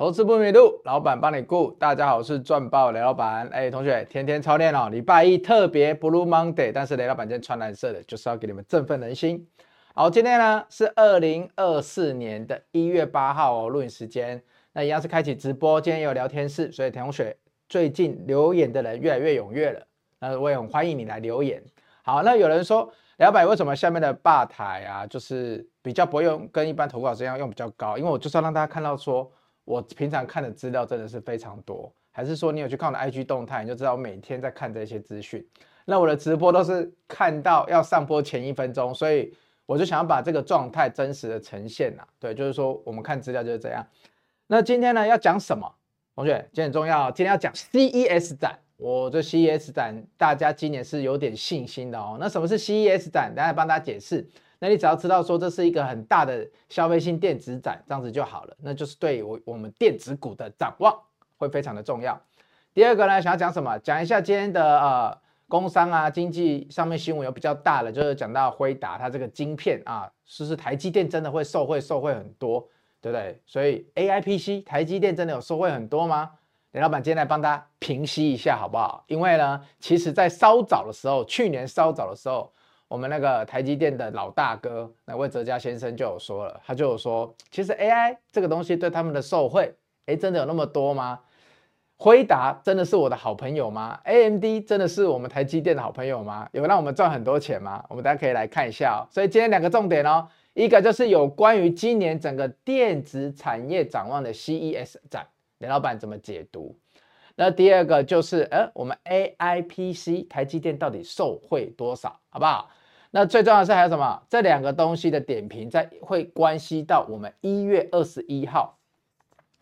投資不迷路，老闆幫你顧。大家好，我是賺爆雷老闆。哎、欸，同學，天天操練哦，禮拜一特別 Blue Monday，但是雷老闆今天穿藍色的，就是要給你們振奮人心。好，今天呢是二零二四年的一月八號哦，錄影時間。那一樣是開啟直播，今天也有聊天室，所以同學最近留言的人越來越踴躍了。那我也很歡迎你來留言。好，那有人說，雷老闆為什麼下面的吧台啊，就是比較不會用跟一般投稿一樣用比較高？因為我就是要讓大家看到說。我平常看的資料真的是非常多，還是說你有去看我的 IG 動態，你就知道我每天在看這些資訊。那我的直播都是看到要上播前一分鐘，所以我就想要把這個狀態真實的呈現吶、啊。對，就是說我們看資料就是這樣。那今天呢要講什麼同學？今天很重要，今天要講 CES 展。我這 CES 展，大家今年是有點信心的哦。那什麼是 CES 展？等下幫大家解釋。那你只要知道說這是一個很大的消費性電子展，這樣子就好了。那就是對我，我們電子股的展望會非常的重要。第二個呢，想要講什麼？講一下今天的呃工商啊經濟上面新聞有比較大的，就是講到輝達它這個晶片啊，是不是台積電真的會受惠，受惠很多，對不對？所以 AI PC 台積電真的有受惠很多嗎？林老闆今天來幫大家平息一下好不好？因為呢，其實在稍早的時候，去年稍早的時候。我們那個台積電的老大哥，那魏哲家先生就有說了，他就有說，其實 AI 這個東西對他們的受惠，哎，真的有那麼多嗎？輝達真的是我的好朋友嗎？AMD 真的是我們台積電的好朋友嗎？有讓我們賺很多錢嗎？我們大家可以來看一下哦。所以今天兩個重點哦，一個就是有關於今年整個電子產業展望的 CES 展，林老闆怎麼解讀？那第二個就是，哎，我們 AI PC 台積電到底受惠多少，好不好？那最重要的是還有什麼？這兩個東西的點評，在會關係到我們一月二十一號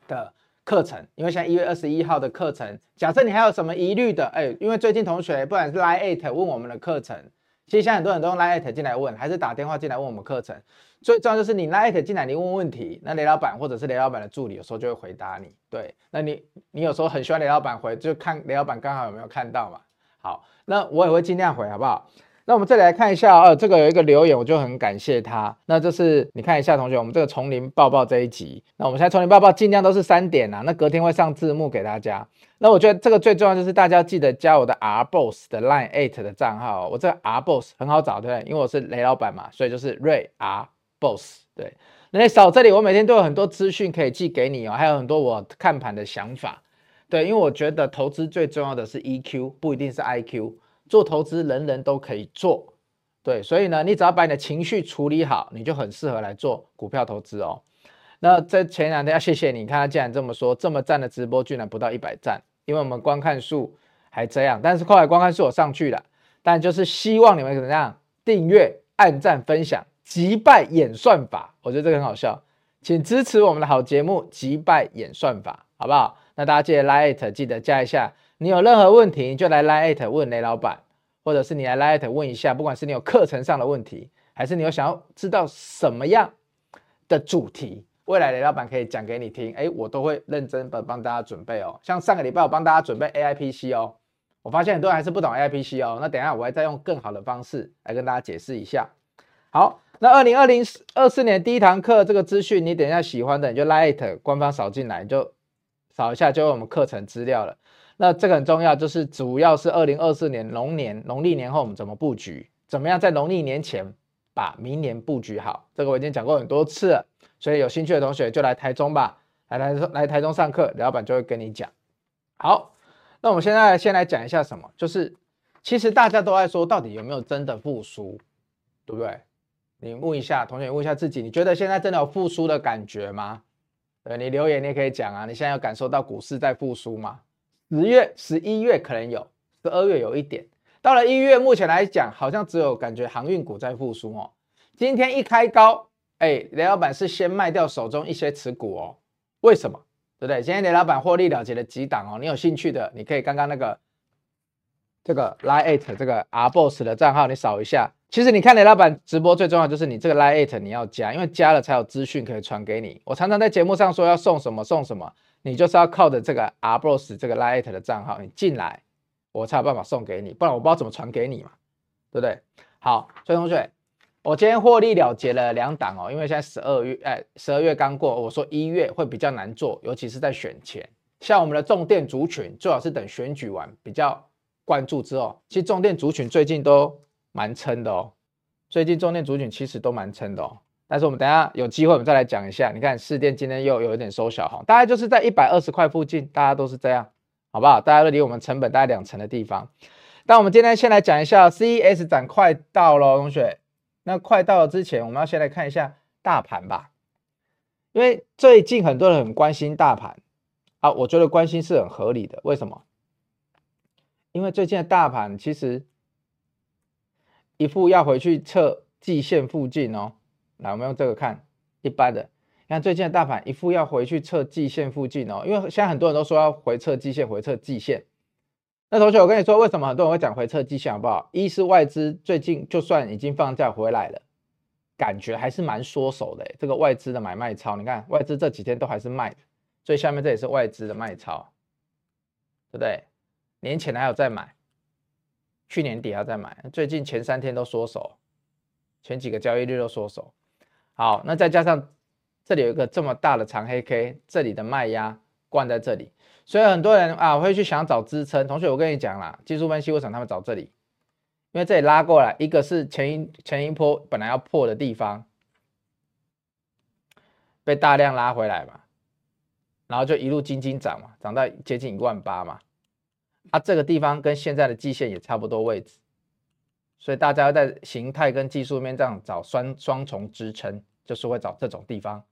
的課程。因為像一月二十一號的課程，假設你還有什麼疑慮的，哎、欸，因為最近同學不管是 LINE@ 問我們的課程，其實現在很多人都用 LINE@ 進來問，還是打電話進來問我們課程。最重要就是你 LINE@ 進來，你問問題，那雷老闆或者是雷老闆的助理有時候就會回答你。對，那你你有時候很需要雷老闆回，就看雷老闆剛好有沒有看到嘛。好，那我也會盡量回，好不好？那我們這裡來看一下，哦，這個有一個留言，我就很感謝他。那就是你看一下，同學，我們這個從0抱豹這一集。那我們現在從0抱豹盡量都是三點啊，那隔天會上字幕給大家。那我覺得這個最重要就是大家記得加我的 R boss 的 Line eight 的賬號哦。我這個 R boss 很好找，對不對？因為我是雷老闆嘛，所以就是 Ray r a R boss。對，那你掃這裡，我每天都有很多資訊可以寄給你哦，還有很多我看盤的想法。對，因為我覺得投資最重要的是 EQ，不一定是 IQ。做投資人人都可以做，對，所以呢，你只要把你的情緒處理好，你就很適合來做股票投資哦。那在前兩天，要謝謝你看，他竟然這麼說，這麼讚的直播居然不到一百讚，因為我們觀看數還這樣，但是後來觀看數我上去了，但就是希望你們怎麼樣訂閱、按讚、分享，擊敗演算法，我覺得這個很好笑，請支持我們的好節目，擊敗演算法，好不好？那大家記得 like，記得加一下。你有任何問題，你就來 LINE@ 問雷老闆，或者是你來 LINE@ 問一下，不管是你有課程上的問題，還是你有想要知道什麼樣的主題，未來雷老闆可以講給你聽。哎，我都會認真的幫大家準備哦。像上個禮拜我幫大家準備 AI PC 哦，我發現很多人還是不懂 AI PC 哦。那等一下我會再用更好的方式來跟大家解釋一下。好，那二零二零二四年第一堂課這個資訊，你等一下喜歡的你就 LINE@ 官方掃進來，就掃一下就我們課程資料了。那這個很重要，就是主要是二零二四年龍年農曆年後，我們怎麼布局？怎麼樣在農曆年前把明年布局好？這個我已經講過很多次了，所以有興趣的同學就來台中吧，來台來台中上課，李老闆就會跟你講。好，那我們現在先來講一下什麼？就是其實大家都在說，到底有沒有真的復甦，對不對？你問一下同學，問一下自己，你覺得現在真的有復甦的感覺嗎？對，你留言，你也可以講啊，你現在有感受到股市在復甦嗎？十月、十一月可能有，十二月有一點。到了一月，目前來講，好像只有感覺航運股在復甦哦。今天一開高，哎，雷老板是先賣掉手中一些持股哦。為什麼？對不對？今天雷老板獲利了結了幾檔哦。你有興趣的，你可以剛剛那個這個 LINE@ 這個 R boss 的賬號，你掃一下。其實你看雷老板直播，最重要就是你這個 LINE@ 你要加，因為加了才有資訊可以傳給你。我常常在節目上說要送什麼送什麼。你就是要靠着這個阿布羅斯這個 LINE 的賬號，你進來，我才有辦法送給你，不然我不知道怎麼傳給你嘛，對不對？好，所以同學，我今天獲利了結了兩檔哦，因為現在十二月，哎，十二月剛過，我說一月會比較難做，尤其是在選前，像我們的重電族群，最好是等選舉完比較關注之後，其實重電族群最近都蠻撐的哦，最近重電族群其實都蠻撐的哦。但是我們等下有機會我們再來講一下。你看市電今天又有一點收小哈，大概就是在一百二十塊附近，大家都是這樣，好不好？大家都離我們成本大概兩成的地方。那我們今天先來講一下 CES 展，快到咯，哦，同學。那快到了之前，我們要先來看一下大盤吧，因為最近很多人很關心大盤啊，我覺得關心是很合理的。為什麼？因為最近的大盤其實一副要回去測季線附近哦。來，我們用這個看一般的。你看最近的大盤，一副要回去測季線附近哦，因為現在很多人都說要回測季線，回測季線。那同學，我跟你說，為什麼很多人會講回測季線好不好？一是外資最近就算已經放假回來了，感覺還是蠻縮手的。這個外資的買賣超，你看外資這幾天都還是賣的，最下面這也是外資的賣超，對不對？年前還有在買，去年底還有在買，最近前三天都縮手，前幾個交易日都縮手。好，那再加上這裡有一個這麼大的長黑 K，這裡的賣壓灌在這裡，所以很多人啊會去想找支撐。同學，我跟你講啦，技術分析為什麼他們找這裡，因為這裡拉過來，一個是前一前一波本來要破的地方，被大量拉回來嘛，然後就一路精精漲嘛，漲到接近一萬八嘛，啊，這個地方跟現在的季線也差不多位置。所以大家要在形態跟技術面這樣找雙雙重支撐，就是會找這種地方。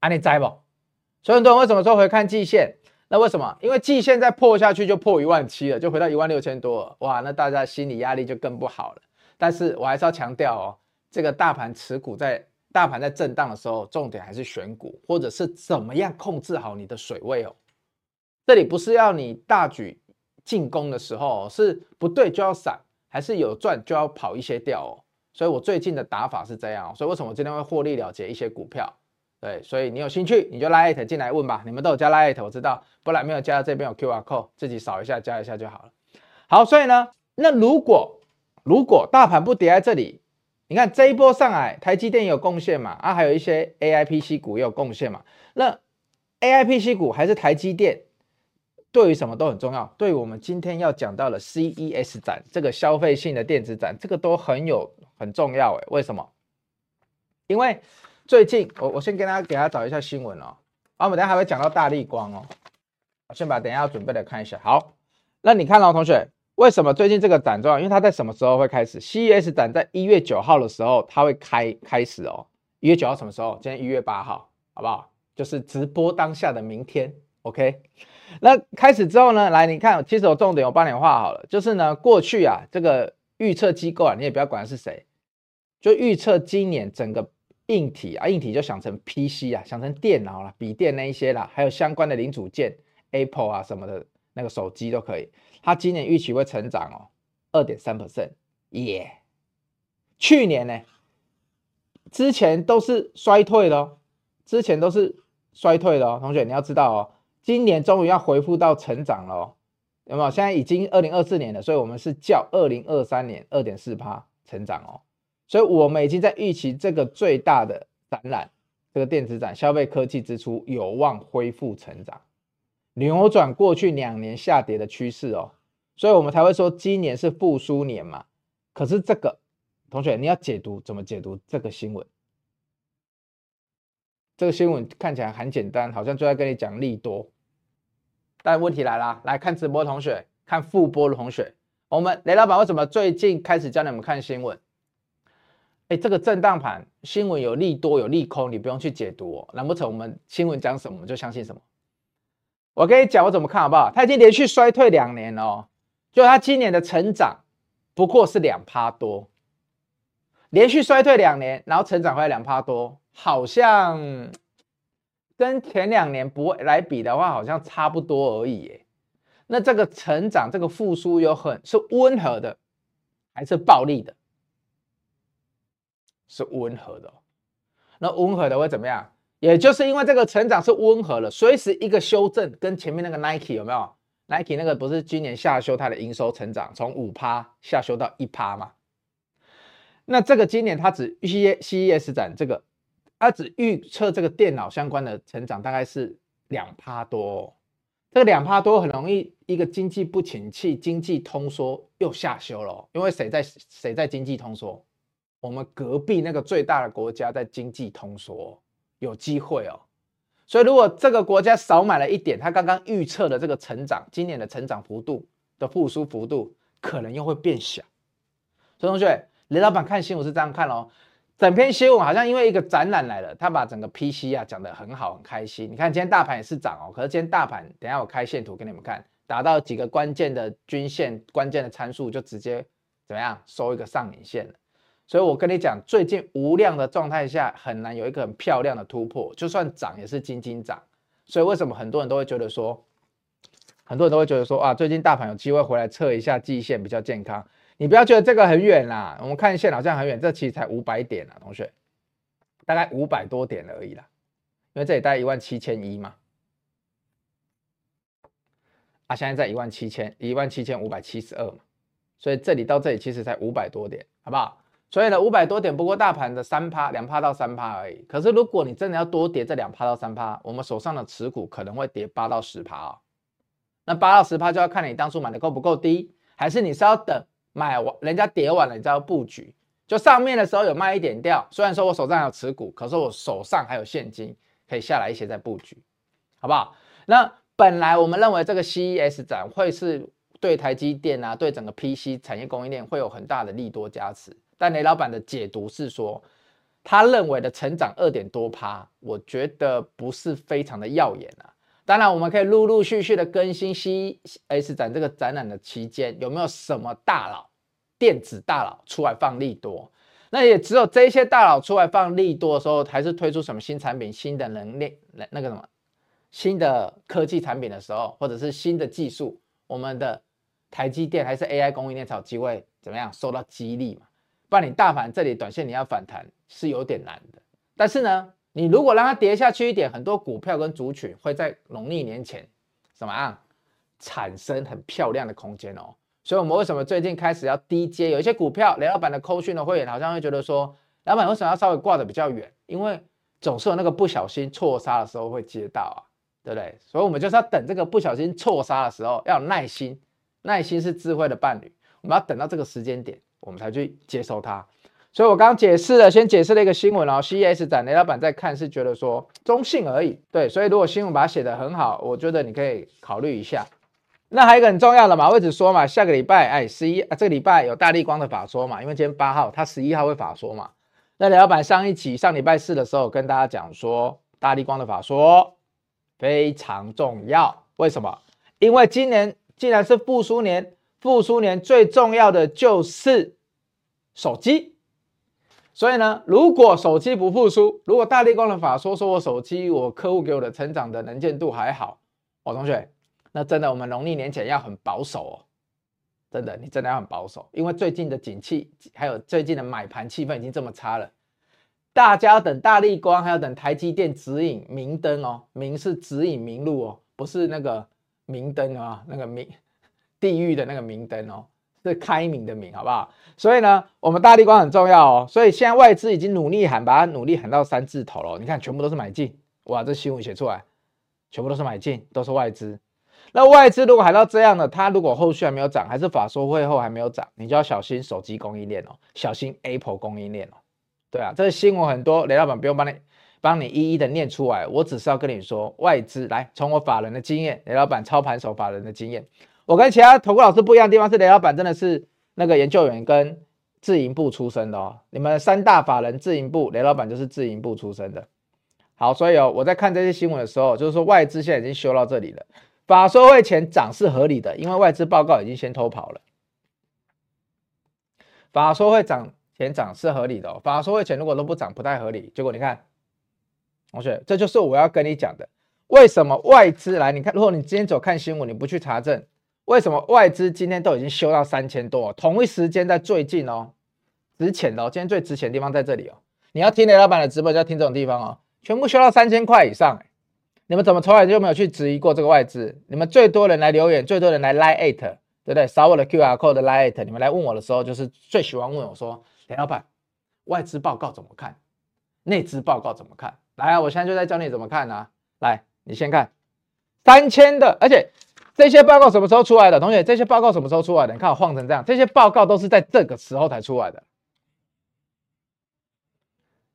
安利在不？所以很多人為什麼說回看季線？那為什麼？因為季線再破下去就破一萬七了，就回到一萬六千多了。哇，那大家心理壓力就更不好了。但是我還是要強調哦，這個大盤持股在大盤在震盪的時候，重點還是選股，或者是怎麼樣控制好你的水位哦。這裡不是要你大舉進攻的時候哦，是不對就要閃。還是有賺就要跑一些掉哦，所以我最近的打法是這樣，哦，所以為什麼我今天會獲利了結一些股票？對，所以你有興趣你就 LINE@ 進來問吧，你們都有加 LINE@，我知道，不然沒有加這邊有 QR code，自己掃一下加一下就好了。好，所以呢，那如果如果大盤不跌在這裡，你看這一波上來台積電有貢獻嘛？啊，還有一些 AIPC 股也有貢獻嘛？那 AIPC 股還是台積電？對於什麼都很重要，對於我們今天要講到的 CES 展，這個消費性的電子展，這個都很有很重要哎。為什麼？因為最近我我先跟大家給大家找一下新聞哦。啊，我們等一下還會講到大立光哦。我先把等一下要準備的看一下。好，那你看到，哦，同學，為什麼最近這個展狀？因為它在什麼時候會開始？CES 展在一月九號的時候它會開開始哦。一月九號什麼時候？今天一月八號，好不好？就是直播當下的明天，OK。那開始之後呢？來，你看，其實我重點我幫你畫好了，就是呢，過去啊，這個預測機構啊，你也不要管他是誰，就預測今年整個硬體啊，硬體就想成 PC 啊，想成電腦了、啊、筆電那一些啦，還有相關的零組件，Apple 啊什麼的，那個手機都可以。它今年預期會成長哦、喔，二點三 percent 耶。去年呢、欸，之前都是衰退的哦、喔，之前都是衰退的哦、喔。同學你要知道哦、喔。今年終於要恢復到成長了哦，有沒有？現在已經二零二四年了，所以我們是較二零二三年二點四趴成長哦，所以我們已經在預期這個最大的展覽，這個電子展消費科技支出有望恢復成長，扭轉過去兩年下跌的趨勢哦，所以我們才會說今年是復甦年嘛。可是這個同學，你要解讀怎麼解讀這個新聞？這個新聞看起來很簡單，好像就在跟你講利多。但問題來了，來看直播的同學，看複播的同學，我們雷老闆為什麼最近開始教你們看新聞？哎，這個震盪盤新聞有利多有利空，你不用去解讀哦。難不成我們新聞講什麼我們就相信什麼？我跟你講，我怎麼看好不好？它已經連續衰退兩年了哦，就它今年的成長不過是兩趴多，連續衰退兩年，然後成長回來兩趴多，好像。跟前兩年不來比的話，好像差不多而已耶、欸。那這個成長，這個復甦有很是溫和的，還是暴力的？是溫和的。那溫和的會怎麼樣？也就是因為這個成長是溫和的，隨時一個修正。跟前面那個 Nike 有沒有？Nike 那個不是今年下修它的營收成長，從五趴下修到一趴嗎？那這個今年它只 CES 展這個。他只預測這個電腦相關的成長大概是兩趴多哦，這個兩趴多很容易一個經濟不景氣，經濟通縮又下修了哦。因為誰在誰在經濟通縮？我們隔壁那個最大的國家在經濟通縮，有機會哦。所以如果這個國家少買了一點，他剛剛預測的這個成長今年的成長幅度的復甦幅度可能又會變小。所以同學，雷老闆看新聞是這樣看哦。整篇新聞，好像因為一個展覽來了，他把整個 P C 啊講得很好很開心。你看今天大盤也是漲哦、喔，可是今天大盤，等一下我開線圖給你們看，達到幾個關鍵的均線、關鍵的參數就直接怎麼樣，收一個上影線了。所以我跟你講，最近無量的狀態下很難有一個很漂亮的突破，就算漲也是輕輕漲。所以為什麼很多人都會覺得說，很多人都會覺得說啊，最近大盤有機會回來測一下季線比較健康。你不要覺得這個很遠啦，我們看線好像很遠，這其實才五百點啦，同學，大概五百多點而已啦，因為這裡大概一萬七千一嘛，啊，現在在一萬七千一萬七千五百七十二嘛，所以這裡到這裡其實才五百多點，好不好？所以呢，五百多點不過大盤的三趴，兩趴到三趴而已。可是如果你真的要多跌這兩趴到三趴，我們手上的持股可能會跌八到十趴啊，那八到十趴就要看你當初買得夠不夠低，還是你是要等。買完人家跌完了，你知道布局，就上面的時候有賣一點掉。雖然說我手上還有持股，可是我手上還有現金，可以下來一些再布局，好不好？那本來我們認為這個 CES 展會是對台積電啊，對整個 PC 產業供應鏈會有很大的利多加持。但雷老板的解讀是說，他認為的成長二點多趴，我覺得不是非常的耀眼啊。當然，我們可以陸陸續續的更新 CES 展這個展覽的期間，有沒有什麼大佬，電子大佬出來放利多？那也只有這些大佬出來放利多的時候，還是推出什麼新產品、新的能力、那個什麼新的科技產品的時候，或者是新的技術，我們的台積電還是 AI 供應鏈才有機會怎麼樣受到激勵嘛。不然你大盤這裡短線你要反彈是有點難的。但是呢，你如果讓它跌下去一點，很多股票跟族群會在農曆年前什麼樣產生很漂亮的空間哦。所以我們為什麼最近開始要低接？有一些股票，雷老板的扣訊的會員好像會覺得說，老板為什麼要稍微掛得比較遠？因為總是有那個不小心錯殺的時候會接到啊，對不對？所以我們就是要等這個不小心錯殺的時候，要有耐心，耐心是智慧的伴侶。我們要等到這個時間點，我們才去接受它。所以，我剛解釋了，先解釋了一個新聞，哦，然後 CES 展，雷老板在看是覺得說中性而已。對，所以如果新聞把它寫得很好，我覺得你可以考慮一下。那還有一個很重要的嘛，我一直說嘛，下個禮拜，哎，十一，啊，這個禮拜有大立光的法說嘛？因為今天八號，他十一號會法說嘛？那雷老板上一期，上禮拜四的時候跟大家講說，大立光的法說非常重要。為什麼？因為今年既然是復甦年，復甦年最重要的就是手機。所以呢，如果手機不復甦，如果大立光的法說，說我手機我客戶給我的成長的能見度還好，我、哦、同學，那真的我們農曆年前要很保守哦，真的，你真的要很保守，因為最近的景氣還有最近的買盤氣氛已經這麼差了，大家要等大立光，還要等台積電指引明燈哦，明是指引明路哦，不是那個明燈啊、哦，那個明地獄的那個明燈哦。是開明的明，好不好？所以呢，我們大立光很重要哦。所以現在外資已經努力喊，把它努力喊到三字頭了哦。你看，全部都是買進，哇！這新聞寫出來，全部都是買進，都是外資。那外資如果喊到這樣的，它如果後續還沒有漲，還是法說會後還沒有漲，你就要小心手機供應鏈哦，小心 Apple 供應鏈哦。對啊，這新聞很多，雷老板不用幫你幫你一一的念出來，我只是要跟你說，外資來，從我法人的經驗，雷老板操盤手法人的經驗。我跟其他投顧老師不一樣的地方是，雷老板真的是那個研究員跟自營部出身的哦。你們三大法人自營部，雷老板就是自營部出身的。好，所以哦，我在看這些新聞的時候，就是說外資現在已經修到這裡了，法說會前漲是合理的，因為外資報告已經先偷跑了。法說會漲前漲是合理的哦，法說會前如果都不漲，不太合理。結果你看，同學，這就是我要跟你講的，為什麼外資來？你看，如果你今天走看新聞，你不去查證。為什麼外資今天都已經修到三千多哦？同一時間在最近哦，值錢哦，今天最值錢的地方在這裡哦。你要聽雷老板的直播，就要聽這種地方哦。全部修到三千塊以上欸，你們怎麼從來就沒有去質疑過這個外資？你們最多人來留言，最多人來 like it，對不對？掃我的 QR code 的 like it，你們來問我的時候，就是最喜歡問我說：“雷老板，外資報告怎麼看？內資報告怎麼看？”來啊，我現在就在教你怎麼看啊。來，你先看三千的，而且。這些報告什麼時候出來的，同學？這些報告什麼時候出來的？你看我晃成這樣，這些報告都是在這個時候才出來的，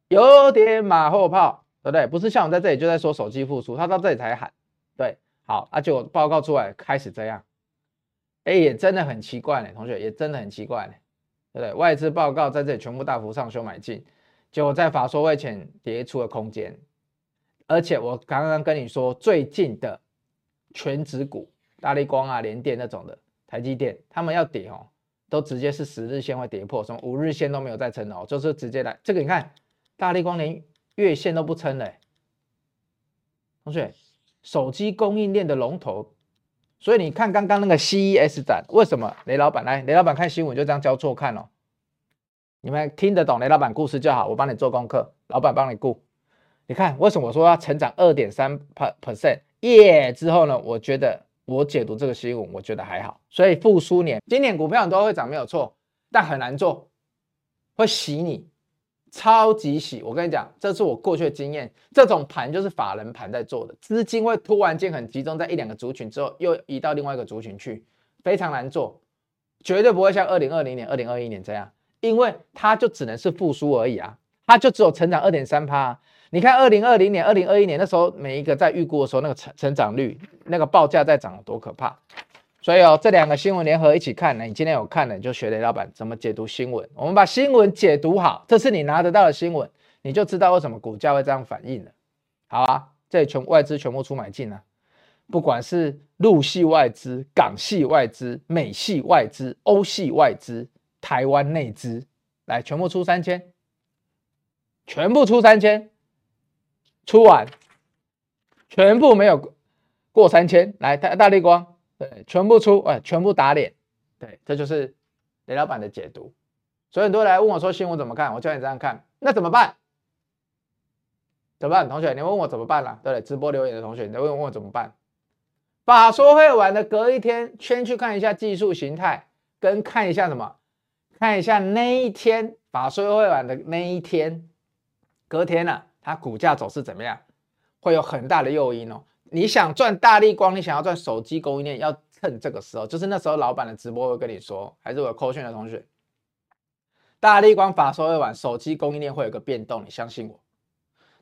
有點馬後炮，對不對？不是像我在這裡就在說手機復甦，他到這裡才喊，對，好，而、啊、且報告出來開始這樣，誒也真的很奇怪呢、欸，同學，也真的很奇怪呢、欸，對不對？外資報告在這裡全部大幅上修買進，結果在法說會前跌出了空間，而且我剛剛跟你說，最近的權值股。大立光啊，聯電那種的，台積電他們要跌哦，都直接是十日線會跌破，什麼五日線都沒有再撐哦，就是直接來這個。你看大立光連月線都不撐嘞，同學，手機供應鏈的龍頭，所以你看剛剛那個 CES 展，為什麼雷老板來？雷老板看新聞就這樣交錯看哦，你們聽得懂雷老板故事就好，我幫你做功課，老板幫你顧。你看為什麼我說要成長二點三 percent，耶之後呢？我覺得。我解讀這個新聞，我覺得還好，所以復甦年，今年股票很多會漲沒有錯，但很難做，會洗你，超級洗。我跟你講，這是我過去的經驗，這種盤就是法人盤在做的，資金會突然間很集中在一兩個族群之後，又移到另外一個族群去，非常難做，絕對不會像二零二零年、二零二一年這樣，因為它就只能是復甦而已啊，它就只有成長二點三趴。你看，二零二零年、二零二一年那時候，每一個在預估的時候，那個成成長率、那個報價在漲得多可怕！所以哦，這兩個新聞聯合一起看呢。你今天有看了，你就學雷老板怎麼解讀新聞。我們把新聞解讀好，這是你拿得到的新聞，你就知道為什麼股價會這樣反應了。好啊，這裡全外資全部出買進啊！不管是陸系外資、港系外資、美系外資、歐系外資、台灣內資，來全部出三千，全部出三千。出完全部沒有過，過三千，來大大立光，對，全部出，哎，全部打臉，對，這就是雷老板的解讀。所以很多來問我說新聞怎麼看，我教你這樣看。那怎麼辦？怎麼辦？同學，你問我怎麼辦了、啊？對直播留言的同學，你在問我怎麼辦？法說會完的隔一天先去看一下技術形態，跟看一下什麼？看一下那一天法說會完的那一天，隔天了、啊。它股價走勢怎麼樣，會有很大的誘因哦。你想賺大立光，你想要賺手機供應鏈，要趁這個時候，就是那時候老板的直播會跟你說，還是我有扣選的同學。大立光法說會完，手機供應鏈會有個變動，你相信我。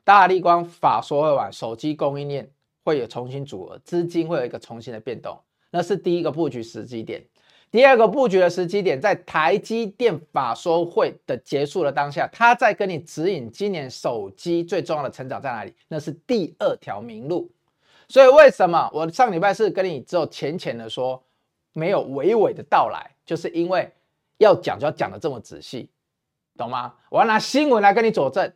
大立光法說會完，手機供應鏈會有重新組合，資金會有一個重新的變動，那是第一個布局時機點。第二個布局的時機點，在台積電法說會的結束的當下，他在跟你指引今年手機最重要的成長在哪裡，那是第二條明路。所以為什麼我上禮拜四跟你只有淺淺的說，沒有娓娓的到來，就是因為要講就要講的這麼仔細，懂嗎？我要拿新聞來跟你佐證，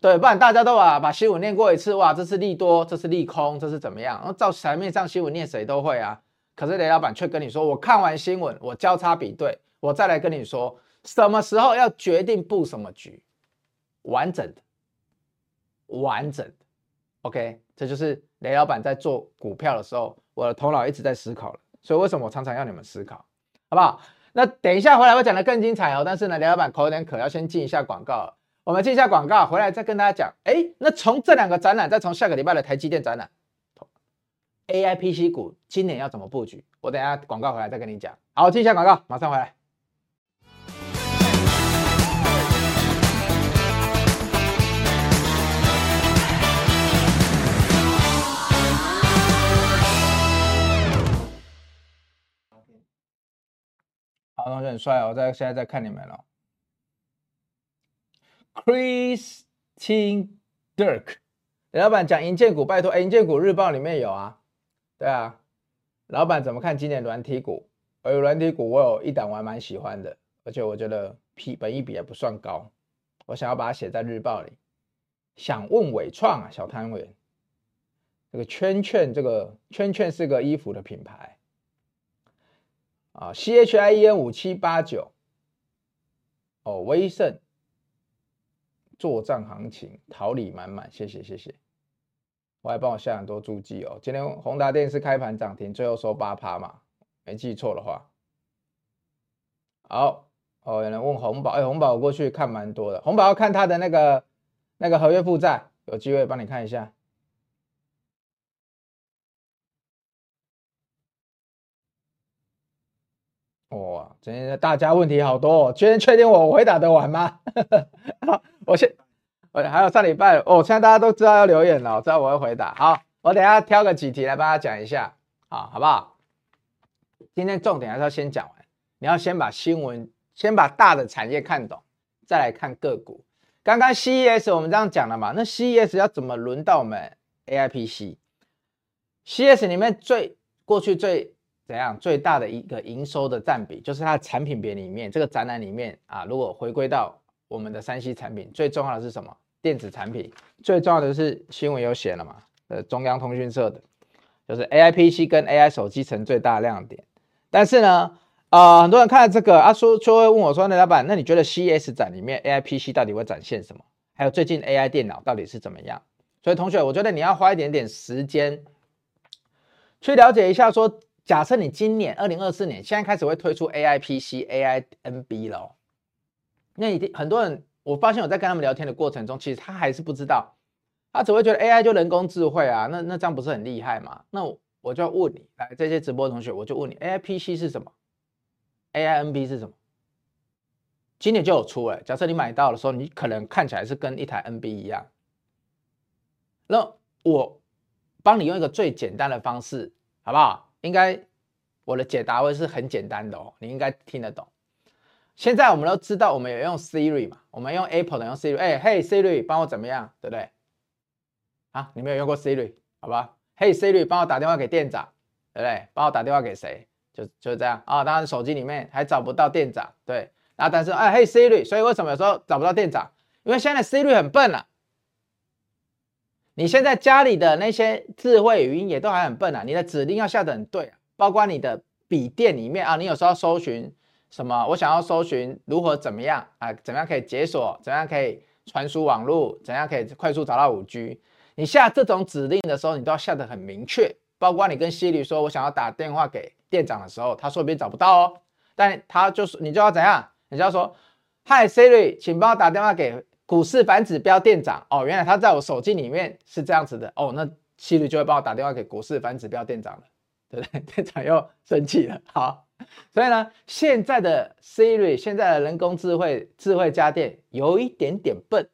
對，不然大家都把、啊、把新聞念過一次，哇，這是利多，這是利空，這是怎麼樣？然、哦、照台面上新聞念，誰都會啊。可是雷老闆卻跟你說：“我看完新聞，我交叉比對，我再來跟你說什麼時候要決定布什麼局，完整的，完整的，OK，這就是雷老板在做股票的時候，我的頭腦一直在思考了。所以為什麼我常常要你們思考，好不好？那等一下回來我講得更精彩哦。但是呢，雷老板口有點渴，要先進一下廣告。我們進一下廣告，回來再跟大家講。誒，那從這兩個展覽，再從下個禮拜的台積電展覽。” A I P C 股今年要怎麼布局？我等一下廣告回來再跟你講。好，我聽一下廣告，馬上回來。好，同學很帥哦，我在現在在看你們了。Christine Dirk，李老板講營建股，拜託，哎、欸，營建股日報裡面有啊。對啊，老板怎麼看今年軟體股？呦、哎，軟體股我有一檔我還蠻喜歡的，而且我覺得 P 本益比也不算高，我想要把它寫在日報裡。想問偉創啊，小攤位，這個圈圈，這個圈圈是個衣服的品牌啊，C H I E N 五七八九哦，威盛作帳行情桃李滿滿，謝謝謝謝。我還幫我下很多注記哦。今天宏達電是開盤漲停，最後收八趴嘛，沒記錯的話。好，哦，有人問紅寶，哎、欸，紅寶我過去看蠻多的，紅寶要看他的那個那個合約負債，有機會幫你看一下。哇，今天大家問題好多、哦，今天確定我，我回答得完嗎？ 好，我先。我還有上禮拜，我、哦、現在大家都知道要留言了，知道我要回答。好，我等一下挑個幾題來幫他講一下，啊，好不好？今天重點還是要先講完，你要先把新聞，先把大的產業看懂，再來看個股。剛剛 CES 我們這樣講了嘛？那 CES 要怎麼輪到我們 AIPC？CES 裡面最過去最怎樣最大的一個營收的佔比，就是它的產品別裡面這個展覽裡面啊，如果回歸到。我們的三 C 產品最重要的是什麼？電子產品最重要的是新聞有寫了嘛？呃，中央通訊社的，就是 A I P C 跟 A I 手機成最大亮點。但是呢，呃，很多人看了這個啊，說就會問我說，那老闆，那你覺得 C E S 展裡面 A I P C 到底會展現什麼？還有最近 A I 電腦到底是怎麼樣？所以同學，我覺得你要花一點點時間去了解一下說。說假設你今年二零二四年現在開始會推出 A I P C A I N B 嘍。那一定，很多人，我發現我在跟他們聊天的過程中，其實他還是不知道，他只會覺得 AI 就人工智慧啊，那那這樣不是很厲害嗎？那我就要問你，來這些直播同學，我就問你，AIPC 是什麼？AINB 是什麼？今年就有出嘞，假設你買到的時候，你可能看起來是跟一台 NB 一樣，那我幫你用一個最簡單的方式，好不好？應該我的解答會是很簡單的哦，你應該聽得懂。現在我們都知道，我們有用 Siri 嘛，我們用 Apple 能用 Siri、欸。哎，嘿 Siri，幫我怎麼樣，對不對？啊，你沒有用過 Siri 好吧？嘿、hey、Siri，幫我打電話給店長，對不對？幫我打電話給誰？就就是這樣啊、哦。當然手機裡面還找不到店長，對。然、啊、後但是啊，嘿、hey、Siri，所以為什麼有時候找不到店長？因為現在 Siri 很笨啊。你現在家裡的那些智慧語音也都還很笨啊，你的指令要下得很對啊，包括你的筆電裡面啊，你有時候要搜尋。什麼？我想要搜尋如何怎麼樣啊？怎樣可以解鎖？怎樣可以傳輸網絡？怎樣可以快速找到五 G？你下這種指令的時候，你都要下得很明確。包括你跟 Siri 說，我想要打電話給店長的時候，他說不定找不到哦。但他就是，你就要怎樣？你就要說，Hi Siri，請幫我打電話給股市反指標店長哦。原來他在我手機裡面是這樣子的哦。那 Siri 就會幫我打電話給股市反指標店長了，對不對？店長又生氣了，好。所以呢，現在的 Siri，現在的人工智慧、智慧家電有一點點笨。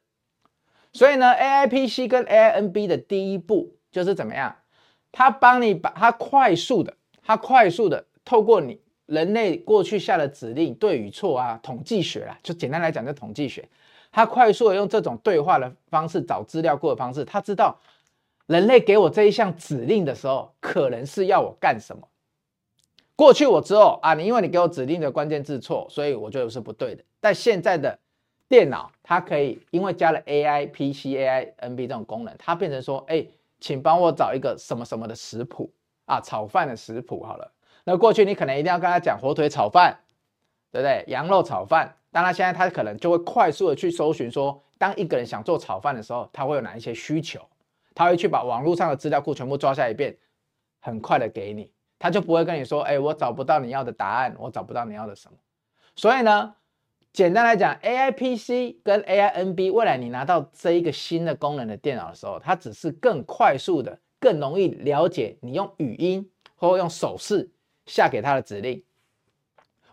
所以呢，AIPC 跟 AINB 的第一步就是怎麼樣？它幫你把它快速的，它快速的透過你人類過去下的指令對與錯啊，統計學啊，就簡單來講就是統計學。它快速的用這種對話的方式找資料過的方式，它知道人類給我這一項指令的時候，可能是要我幹什麼。過去我之後啊，你因為你給我指定的關鍵字錯，所以我覺得我是不對的。但現在的電腦它可以因為加了 AI PC、AI NB 這種功能，它變成說：哎、欸，請幫我找一個什麼什麼的食譜啊，炒飯的食譜好了。那過去你可能一定要跟他講火腿炒飯，對不對？羊肉炒飯。當然現在他可能就會快速的去搜尋，說當一個人想做炒飯的時候，他會有哪一些需求？他會去把網絡上的資料庫全部抓下一遍，很快的給你。他就不會跟你說：“哎、欸，我找不到你要的答案，我找不到你要的什麼。”所以呢，簡單來講，A I P C 跟 A I N B 未來你拿到這一個新的功能的電腦的時候，它只是更快速的、更容易了解你用語音或用手勢下給它的指令。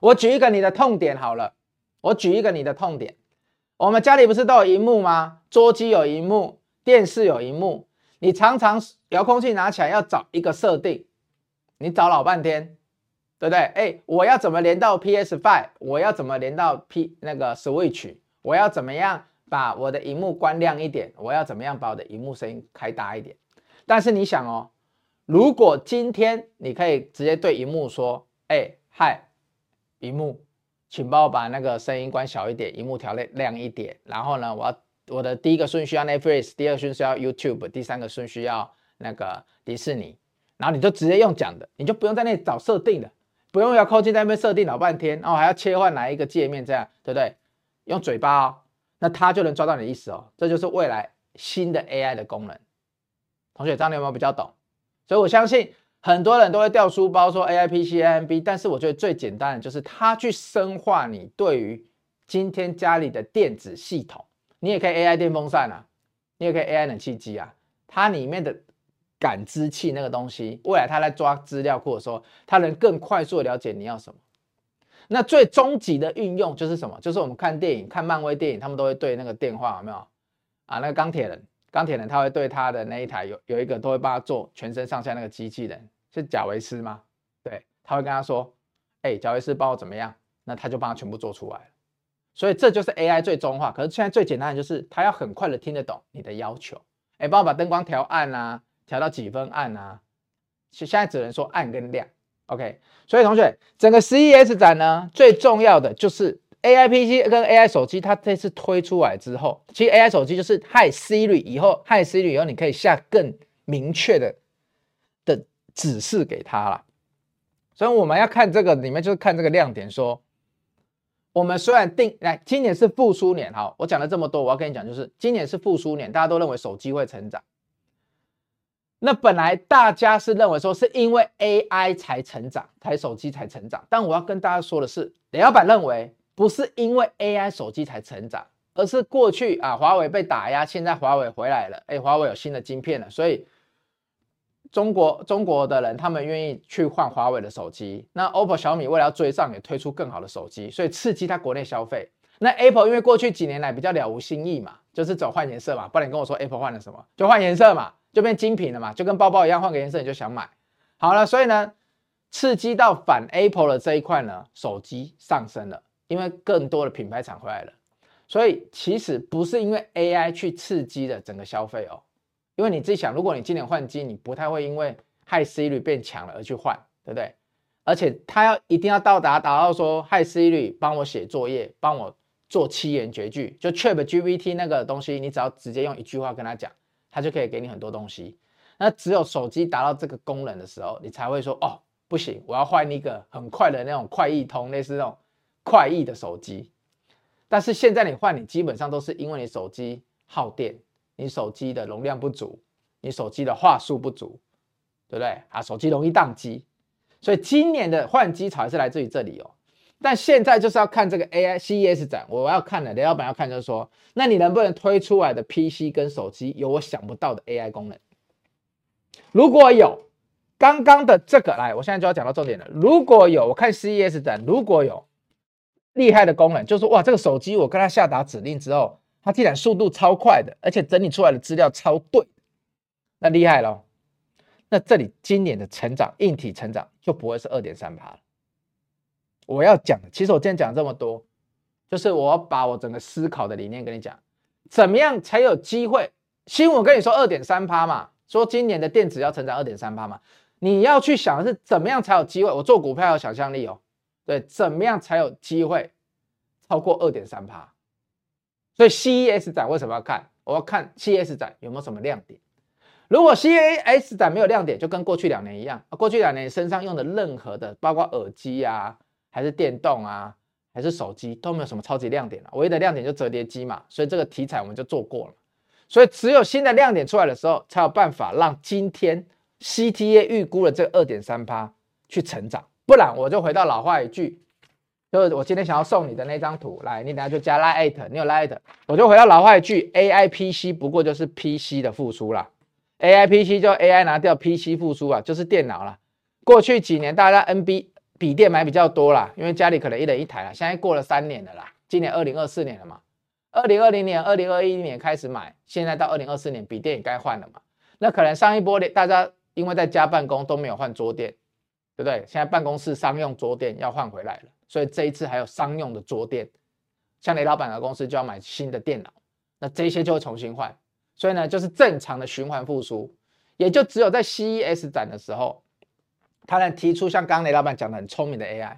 我舉一個你的痛點好了，我舉一個你的痛點。我們家裡不是都有螢幕嗎？桌機有螢幕，電視有螢幕。你常常遙控器拿起來要找一個設定。你找老半天，對不對？哎，我要怎麼連到 PS5？我要怎麼連到 P 那個 Switch？我要怎麼樣把我的熒幕關亮一點？我要怎麼樣把我的熒幕聲音開大一點？但是你想哦，如果今天你可以直接對熒幕說：“哎，嗨，熒幕，請幫我把那個聲音關小一點，熒幕調亮一點。”然後呢，我要我的第一個順序要 Netflix，第二個順序要 YouTube，第三個順序要那個迪士尼。然後你就直接用講的，你就不用在那裡找設定的，不用要靠近在那邊設定老半天，然後、哦、還要切換來一個界面，這樣對不對？用嘴巴，哦，那它就能抓到你的意思哦。這就是未來新的 AI 的功能。同學，這樣你有沒有比較懂？所以我相信很多人都會掉書包說 AI P C A M B，但是我覺得最簡單的就是它去深化你對於今天家裡的電子系統，你也可以 AI 電風扇啊，你也可以 AI 冷氣機啊，它裡面的。感知器那個東西，未來它在抓資料庫的時候，或者說它能更快速的了解你要什麼。那最終極的運用就是什麼？就是我們看電影，看漫威電影，他們都會對那個電話有沒有啊？那個鋼鐵人，鋼鐵人他會對他的那一台有有一個都會幫他做全身上下那個機器人，是賈維斯嗎？對，他會跟他說：“哎、欸，賈維斯幫我怎麼樣？”那他就幫他全部做出來了。所以這就是 AI 最終化。可是現在最簡單的就是他要很快的聽得懂你的要求，哎、欸，幫我把燈光調暗啊。調到幾分暗啊？現現在只能說暗跟亮。OK，所以同學，整個 CES 展呢，最重要的就是 A I PC 跟 A I 手機，它這次推出來之後，其實 A I 手機就是 Hi Siri 以後，Hi Siri 以後你可以下更明確的的指示給他了。所以我們要看這個裡面，你們就是看這個亮點說，說我們雖然定來今年是復甦年，好，我講了這麼多，我要跟你講就是今年是復甦年，大家都認為手機會成長。那本來大家是認為說是因為 AI 才成長，台手機才成長。但我要跟大家說的是，李老闆認為不是因為 AI 手機才成長，而是過去啊華為被打壓，現在華為回來了，哎、欸，華為有新的晶片了，所以中國中國的人他們願意去換華為的手機。那 OPPO 小米為了要追上，也推出更好的手機，所以刺激他國內消費。那 Apple 因為過去幾年來比較了無新意嘛，就是走換顏色嘛，不然你跟我說 Apple 換了什麼，就換顏色嘛。就變精品了嘛，就跟包包一樣，換個顏色你就想買。好了，所以呢，刺激到反 Apple 的這一塊呢，手機上升了，因為更多的品牌廠回來了。所以其實不是因為 AI 去刺激的整個消費哦，因為你自己想，如果你今年換機，你不太會因為 AI 率變強了而去換，對不對？而且它要一定要到達達到說 AI 率幫我寫作業，幫我做七言絕句，就 ChatGPT 那個東西，你只要直接用一句話跟他講。它就可以給你很多東西，那只有手機達到這個功能的時候，你才會說哦，不行，我要換一個很快的那種快易通，類似那種快易的手機。但是現在你換，你基本上都是因為你手機耗電，你手機的容量不足，你手機的話術不足，對不對？啊，手機容易宕機，所以今年的換機潮還是來自於這裡哦。但現在就是要看這個 AI CES 展，我要看了。雷老闆要看，就是說：那你能不能推出來的 PC 跟手機有我想不到的 AI 功能？如果有，剛剛的這個來，我現在就要講到重點了。如果有，我看 CES 展，如果有厲害的功能，就說、是、哇，這個手機我跟它下達指令之後，它竟然速度超快的，而且整理出來的資料超對，那厲害咯，那這裡今年的成長硬體成長就不會是二點三趴了。我要講的，其實我今天講這麼多，就是我要把我整個思考的理念跟你講，怎麼樣才有機會？新聞跟你說二點三趴嘛，說今年的電子要成長二點三趴嘛，你要去想的是怎麼樣才有機會？我做股票有想象力哦，對，怎麼樣才有機會超過二點三趴？所以 CES 展為什麼要看？我要看 CES 展有沒有什麼亮點？如果 CES 展沒有亮點，就跟過去兩年一樣，啊、過去兩年你身上用的任何的，包括耳機呀、啊。還是電動啊，還是手機都沒有什麼超級亮點了，啊，唯一的亮點就折疊機嘛，所以這個題材我們就做過了。所以只有新的亮點出來的時候，才有辦法讓今天 C T A 預估的這二點三趴去成長。不然我就回到老話一句，就是我今天想要送你的那張圖，來，你等下就加 like，你有 like，我就回到老話一句，A I P C 不過就是 P C 的復甦了，A I P C 就 A I 拿掉 P C 復甦啊，就是電腦了。過去幾年大家 N B。筆電買比較多啦，因為家裡可能一人一台了。現在過了三年了啦，今年二零二四年了嘛，二零二零年、二零二一年開始買，現在到二零二四年，筆電也該換了嘛。那可能上一波的大家因為在家辦公都沒有換桌電，對不對？現在辦公室商用桌電要換回來了，所以這一次還有商用的桌電，像雷老板的公司就要買新的電腦，那這些就會重新換。所以呢，就是正常的循環復甦，也就只有在 CES 展的時候他能提出像剛剛雷老闆講的很聰明的 AI，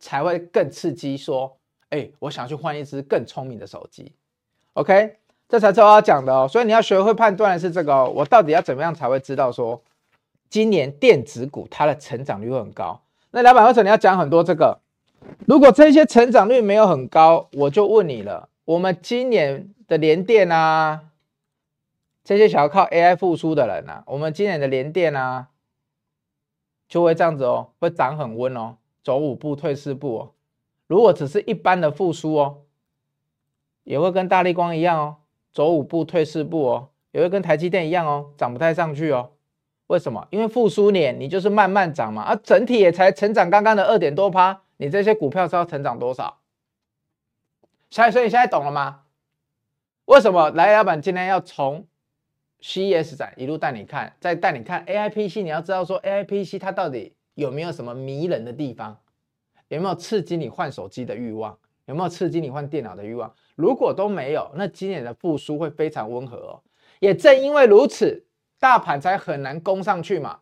才會更刺激。說，哎、欸，我想去換一支更聰明的手機。OK，這才是我要講的哦。所以你要學會判斷的是這個、哦，我到底要怎麼樣才會知道說，今年電子股它的成長率會很高？那老闆，或者你要講很多這個。如果這些成長率沒有很高，我就問你了，我們今年的聯電啊，這些想要靠 AI 復蘇的人啊，我們今年的聯電啊。就會這樣子哦，會漲很溫哦，走五步退四步哦。如果只是一般的復甦哦，也會跟大立光一樣哦，走五步退四步哦，也會跟台積電一樣哦，漲不太上去哦。為什麼？因為復甦年你就是慢慢漲嘛，而、啊、整體也才成長剛剛的二點多趴，你這些股票是要成長多少？所以，所以現在懂了嗎？為什麼？來，老板今天要從。CES 展，一路帶你看，再帶你看 AIPC，你要知道說 AIPC 它到底有沒有什麼迷人的地方，有沒有刺激你換手機的欲望，有沒有刺激你換電腦的欲望？如果都沒有，那今年的復甦會非常溫和哦。也正因為如此，大盤才很難攻上去嘛，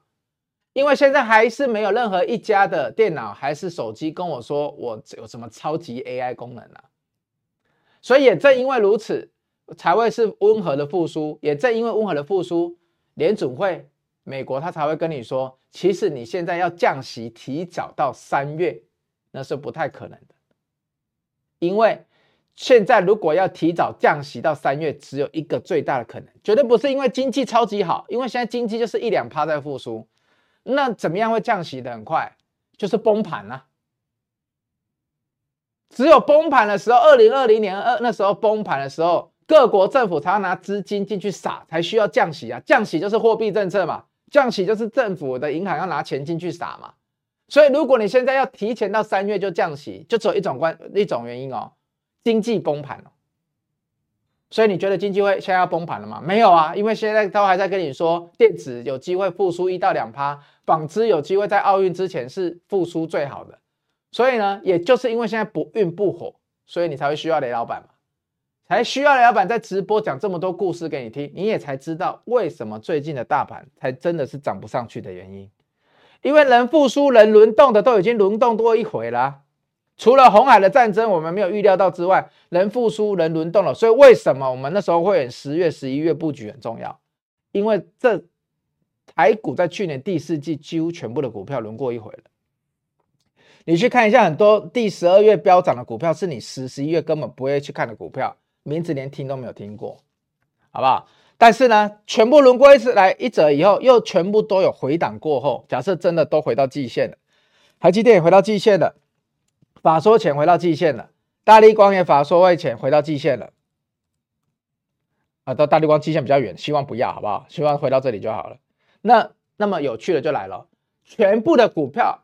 因為現在還是沒有任何一家的電腦還是手機跟我說我有什麼超級 AI 功能啊。所以也正因為如此。才會是溫和的復甦，也正因為溫和的復甦，聯準會美國他才會跟你說，其實你現在要降息提早到三月，那是不太可能的。因為現在如果要提早降息到三月，只有一個最大的可能，絕對不是因為經濟超級好，因為現在經濟就是一兩趴在復甦。那怎麼樣會降息的很快？就是崩盤了、啊。只有崩盤的時候，二零二零年二那時候崩盤的時候。各國政府才要拿資金進去撒，才需要降息啊！降息就是貨幣政策嘛，降息就是政府的銀行要拿錢進去撒嘛。所以，如果你現在要提前到三月就降息，就只有一種關，一種原因哦，經濟崩盤了哦。所以你覺得經濟會現在要崩盤了嗎？沒有啊，因為現在都還在跟你說，電子有機會復甦一到兩趴，紡織有機會在奧運之前是復甦最好的。所以呢，也就是因為現在不溫不火，所以你才會需要雷老板嘛。才需要老闆在直播講這麼多故事給你聽，你也才知道為什麼最近的大盤才真的是漲不上去的原因。因為人復甦、人輪動的都已經輪動多一回了。除了紅海的戰爭我們沒有預料到之外，人復甦、人輪動了。所以為什麼我們那時候會十月、十一月布局很重要？因為這台股在去年第四季幾乎全部的股票輪過一回了。你去看一下，很多第十二月飆漲的股票是你十、十一月根本不會去看的股票。名字連聽都沒有聽過，好不好？但是呢，全部輪過一次來一折以後，又全部都有回檔過後。假設真的都回到季線了，台積電也回到季線了，法說前回到季線了，大立光也法說外前回到季線了。啊，到大立光季線比較遠，希望不要，好不好？希望回到這裡就好了。那那麼有趣的就來了，全部的股票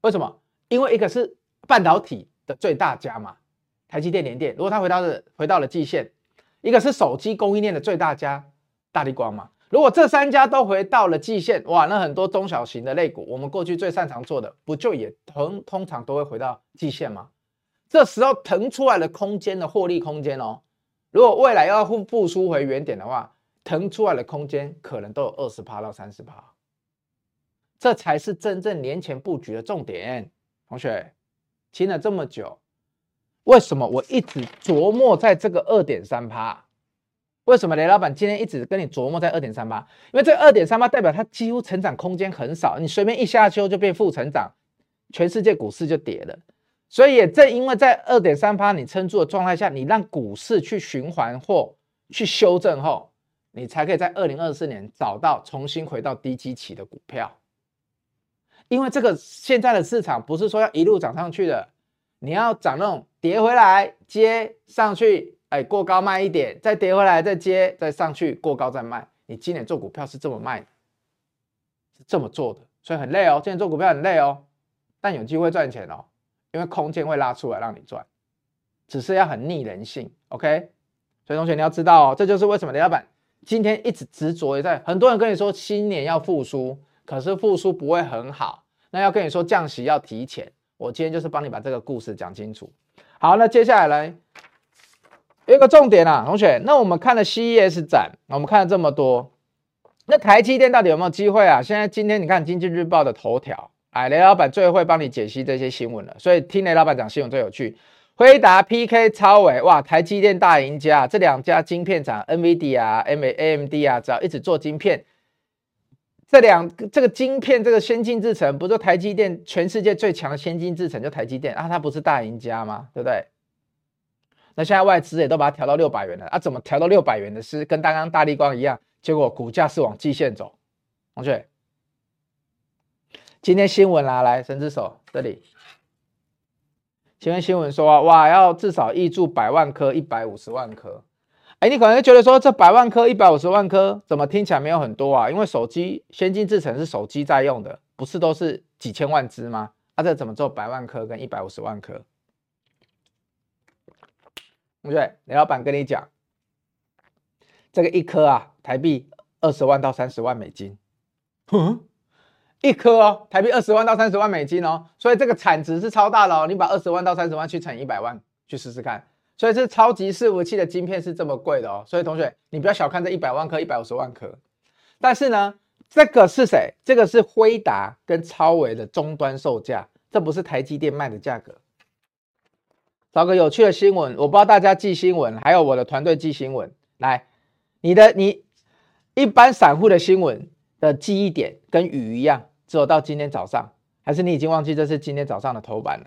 為什麼？因為一個是半導體的最大家嘛。台積電聯電，如果它回到了回到了季線，一個是手機供應鏈的最大家，大立光嘛。如果這三家都回到了季線，哇，那很多中小型的類股，我們過去最擅長做的，不就也通通常都會回到季線嗎？這時候騰出來的空間的獲利空間哦，如果未來要復復甦回原點的話，騰出來的空間可能都有二十趴到三十趴。這才是真正年前布局的重點。同學聽了這麼久。為什麼我一直琢磨在這個二點三趴？為什麼雷老板今天一直跟你琢磨在二點三趴？因為這二點三趴代表它幾乎成長空間很少，你隨便一下修就變負成長，全世界股市就跌了。所以也正因為在二點三趴你撐住的狀態下，你讓股市去循環或去修正後，你才可以在二零二四年找到重新回到低基期的股票。因為這個現在的市場不是說要一路漲上去的，你要漲那種。跌回來接上去，哎，過高賣一點，再跌回來再接再上去，過高再賣。你今年做股票是這麼賣的，是這麼做的，所以很累哦。今年做股票很累哦，但有機會賺錢哦，因為空間會拉出來讓你賺，只是要很逆人性。OK，所以同學你要知道，哦，這就是為什麼李老板今天一直執着也在。很多人跟你說新年要復甦，可是復甦不會很好。那要跟你說降息要提前。我今天就是幫你把這個故事講清楚。好，那接下來來一個重點啊，同學。那我們看了 CES 展，我們看了這麼多，那台積電到底有沒有機會啊？現在今天你看《經濟日報》的頭條，哎，雷老板最會幫你解析這些新聞了，所以聽雷老板講新聞最有趣。輝達 PK 超微，哇，台積電大贏家，這兩家晶片廠 NVD 啊、M A M D 啊，只要一直做晶片。這兩個這個晶片，這個先進製程，不就台積電全世界最強的先進製程，就台積電啊？它不是大贏家嗎？對不對？那現在外資也都把它調到六百元了，啊？怎麼調到六百元的是跟剛剛大立光一樣，結果股價是往季線走，同學。今天新聞啊，來神之手這裡。請問新聞說啊，哇，要至少挹注百萬顆，一百五十萬顆。哎，你可能覺得說，這百萬顆、一百五十萬顆，怎麼聽起來沒有很多啊？因為手機先進製程是手機在用的，不是都是幾千萬隻嗎？那、啊、這怎麼做百萬顆跟一百五十萬顆？不對，雷老闆跟你講，這個一顆啊，台幣二十萬到三十萬美金，哼，一顆哦，台幣二十萬到三十萬美金哦，所以這個產值是超大的哦。你把二十萬到三十萬去乘一百萬，去試試看。所以這超級伺服器的晶片是這麼貴的哦，所以同學你不要小看這一百萬顆、一百五十萬顆。但是呢，這個是誰？這個是輝達跟超微的終端售價，這不是台積電賣的價格。找個有趣的新聞，我幫大家記新聞，還有我的團隊記新聞。來，你的你一般散戶的新聞的記憶點跟魚一樣，只有到今天早上，還是你已經忘記這是今天早上的頭版了？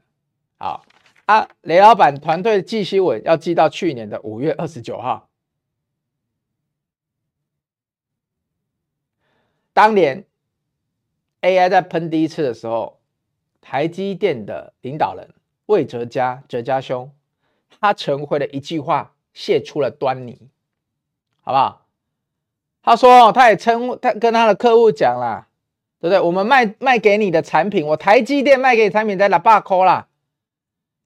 好。啊，雷老闆團隊績息穩，要記到去年的五月二十九號。當年 AI 在噴第一次的時候，台積電的領導人魏哲家、哲家兄，他晨會的一句話洩出了端倪，好不好？他說、哦：“他也稱，他跟他的客戶講了，對不對？我們賣賣給你的產品，我台積電賣給你的產品在哪把摳啦？”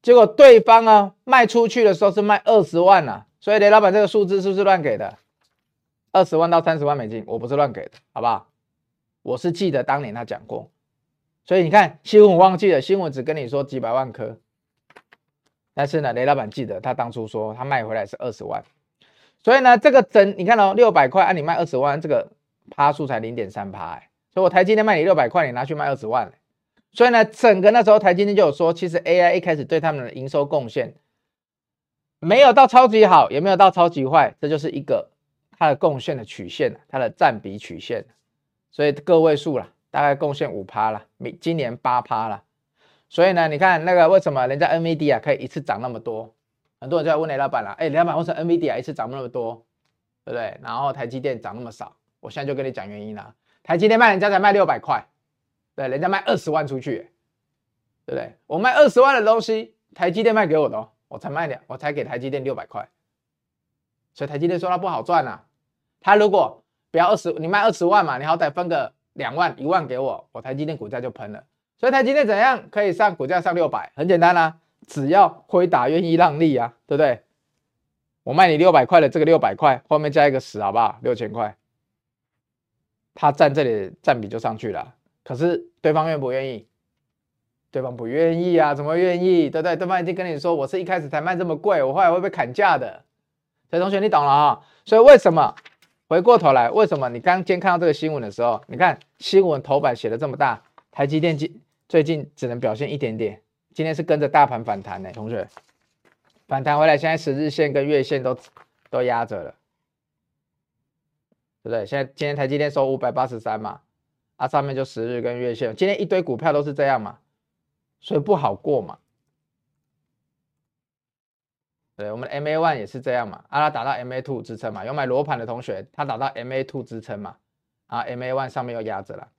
結果對方啊賣出去的時候是賣二十萬了，啊，所以雷老板這個數字是不是亂給的？二十萬到三十萬美金，我不是亂給的，好不好？我是記得當年他講過，所以你看新聞我忘記了，新聞只跟你說幾百萬顆，但是呢雷老板記得他當初說他賣回來是二十萬，所以呢這個整你看哦六百塊，按，啊、你賣二十萬，這個趴數才零點三趴哎，所以我台今天賣你六百塊，你拿去賣二十萬，欸所以呢，整個那時候台積電就有說，其實 AI 一開始對他們的營收貢獻沒有到超級好，也沒有到超級壞，這就是一個它的貢獻的曲線，它的占比曲線。所以個位數了，大概貢獻五趴了，每今年八趴了。所以呢，你看那個為什麼人家 NVD 啊可以一次漲那麼多？很多人就在問雷老闆了、啊，哎、欸，雷老闆為什麼 NVD 啊一次漲那麼多，對不對？然後台積電漲那麼少，我現在就跟你講原因了，台積電賣人家才賣六百塊。對，人家賣二十萬出去，欸，對不對？我賣二十萬的東西，台積電賣給我的哦，我才賣兩，我才給台積電六百塊，所以台積電說它不好賺啊，他如果不要二十，你賣二十萬嘛，你好歹分個兩萬、一萬給我，我台積電股價就噴了。所以台積電怎樣可以上股價上六百？很簡單啦，啊，只要虧打願意讓利啊，對不對？我賣你六百塊的這個六百塊後面加一個十好不好？六千塊，它佔這裡佔比就上去了，啊。可是對方願不願意？對方不願意啊，怎麼願意？對不對？對方已經跟你說，我是一開始才賣這麼貴，我後來會被砍價的。所以同學你懂了啊？所以為什麼回過頭來，為什麼你剛剛今天看到這個新聞的時候，你看新聞頭版寫的這麼大，台積電今最近只能表現一點點，今天是跟着大盤反彈的、欸。同學，反彈回來，現在十日線跟月線都都壓着了，對不對？現在今天台積電收五百八十三嘛。啊，上面就十日跟月線，今天一堆股票都是這樣嘛，所以不好過嘛。對，我們的 MA one 也是這樣嘛，啊，它打到 MA two 支撐嘛，有買羅盤的同學，他打到 MA two 支撐嘛，啊，MA one 上面又壓着了。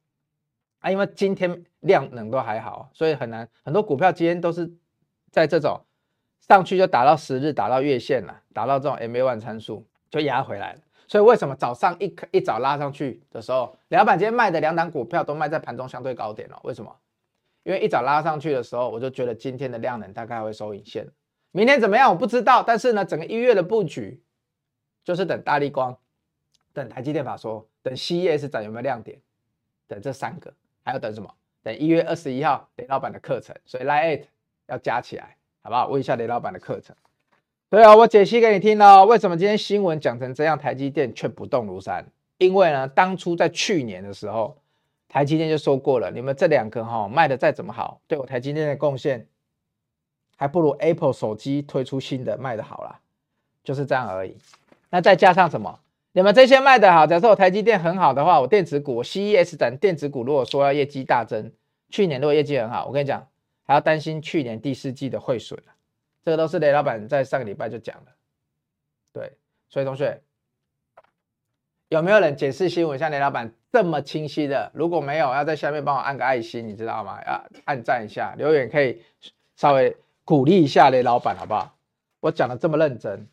啊，因為今天量能都還好，所以很難，很多股票今天都是在這種，上去就打到十日，打到月線了，打到這種 MA one 參數，就壓回來了。所以為什麼早上一一早拉上去的時候，雷老闆今天賣的兩檔股票都賣在盤中相對高點了，哦？為什麼？因為一早拉上去的時候，我就覺得今天的量能大概會收影線。明天怎麼樣我不知道，但是呢，整個一月的布局就是等大立光，等台積電法說，等 CES 展有沒有亮點，等這三個，還要等什麼？等一月二十一號雷老闆的課程。所以 LINE ID 要加起來，好不好？問一下雷老闆的課程。對啊，我解析給你聽了，為什麼今天新聞講成這樣，台積電卻不動如山？因為呢，當初在去年的時候，台積電就說過了，你們這兩個哈、哦、賣的再怎麼好，對我台積電的貢獻還不如 Apple 手機推出新的賣的好了，就是這樣而已。那再加上什麼？你們這些賣的好，假設我台積電很好的話，我電子股 CES 展電子股，如果說要業績大增，去年如果業績很好，我跟你講，還要擔心去年第四季的匯損。這個都是雷老闆在上個禮拜就講的，對，所以同學有沒有人解釋新聞像雷老闆這麼清晰的？如果沒有，要在下面幫我按個愛心，你知道嗎？要按讚一下，留言可以稍微鼓勵一下雷老闆，好不好？我講的這麼認真，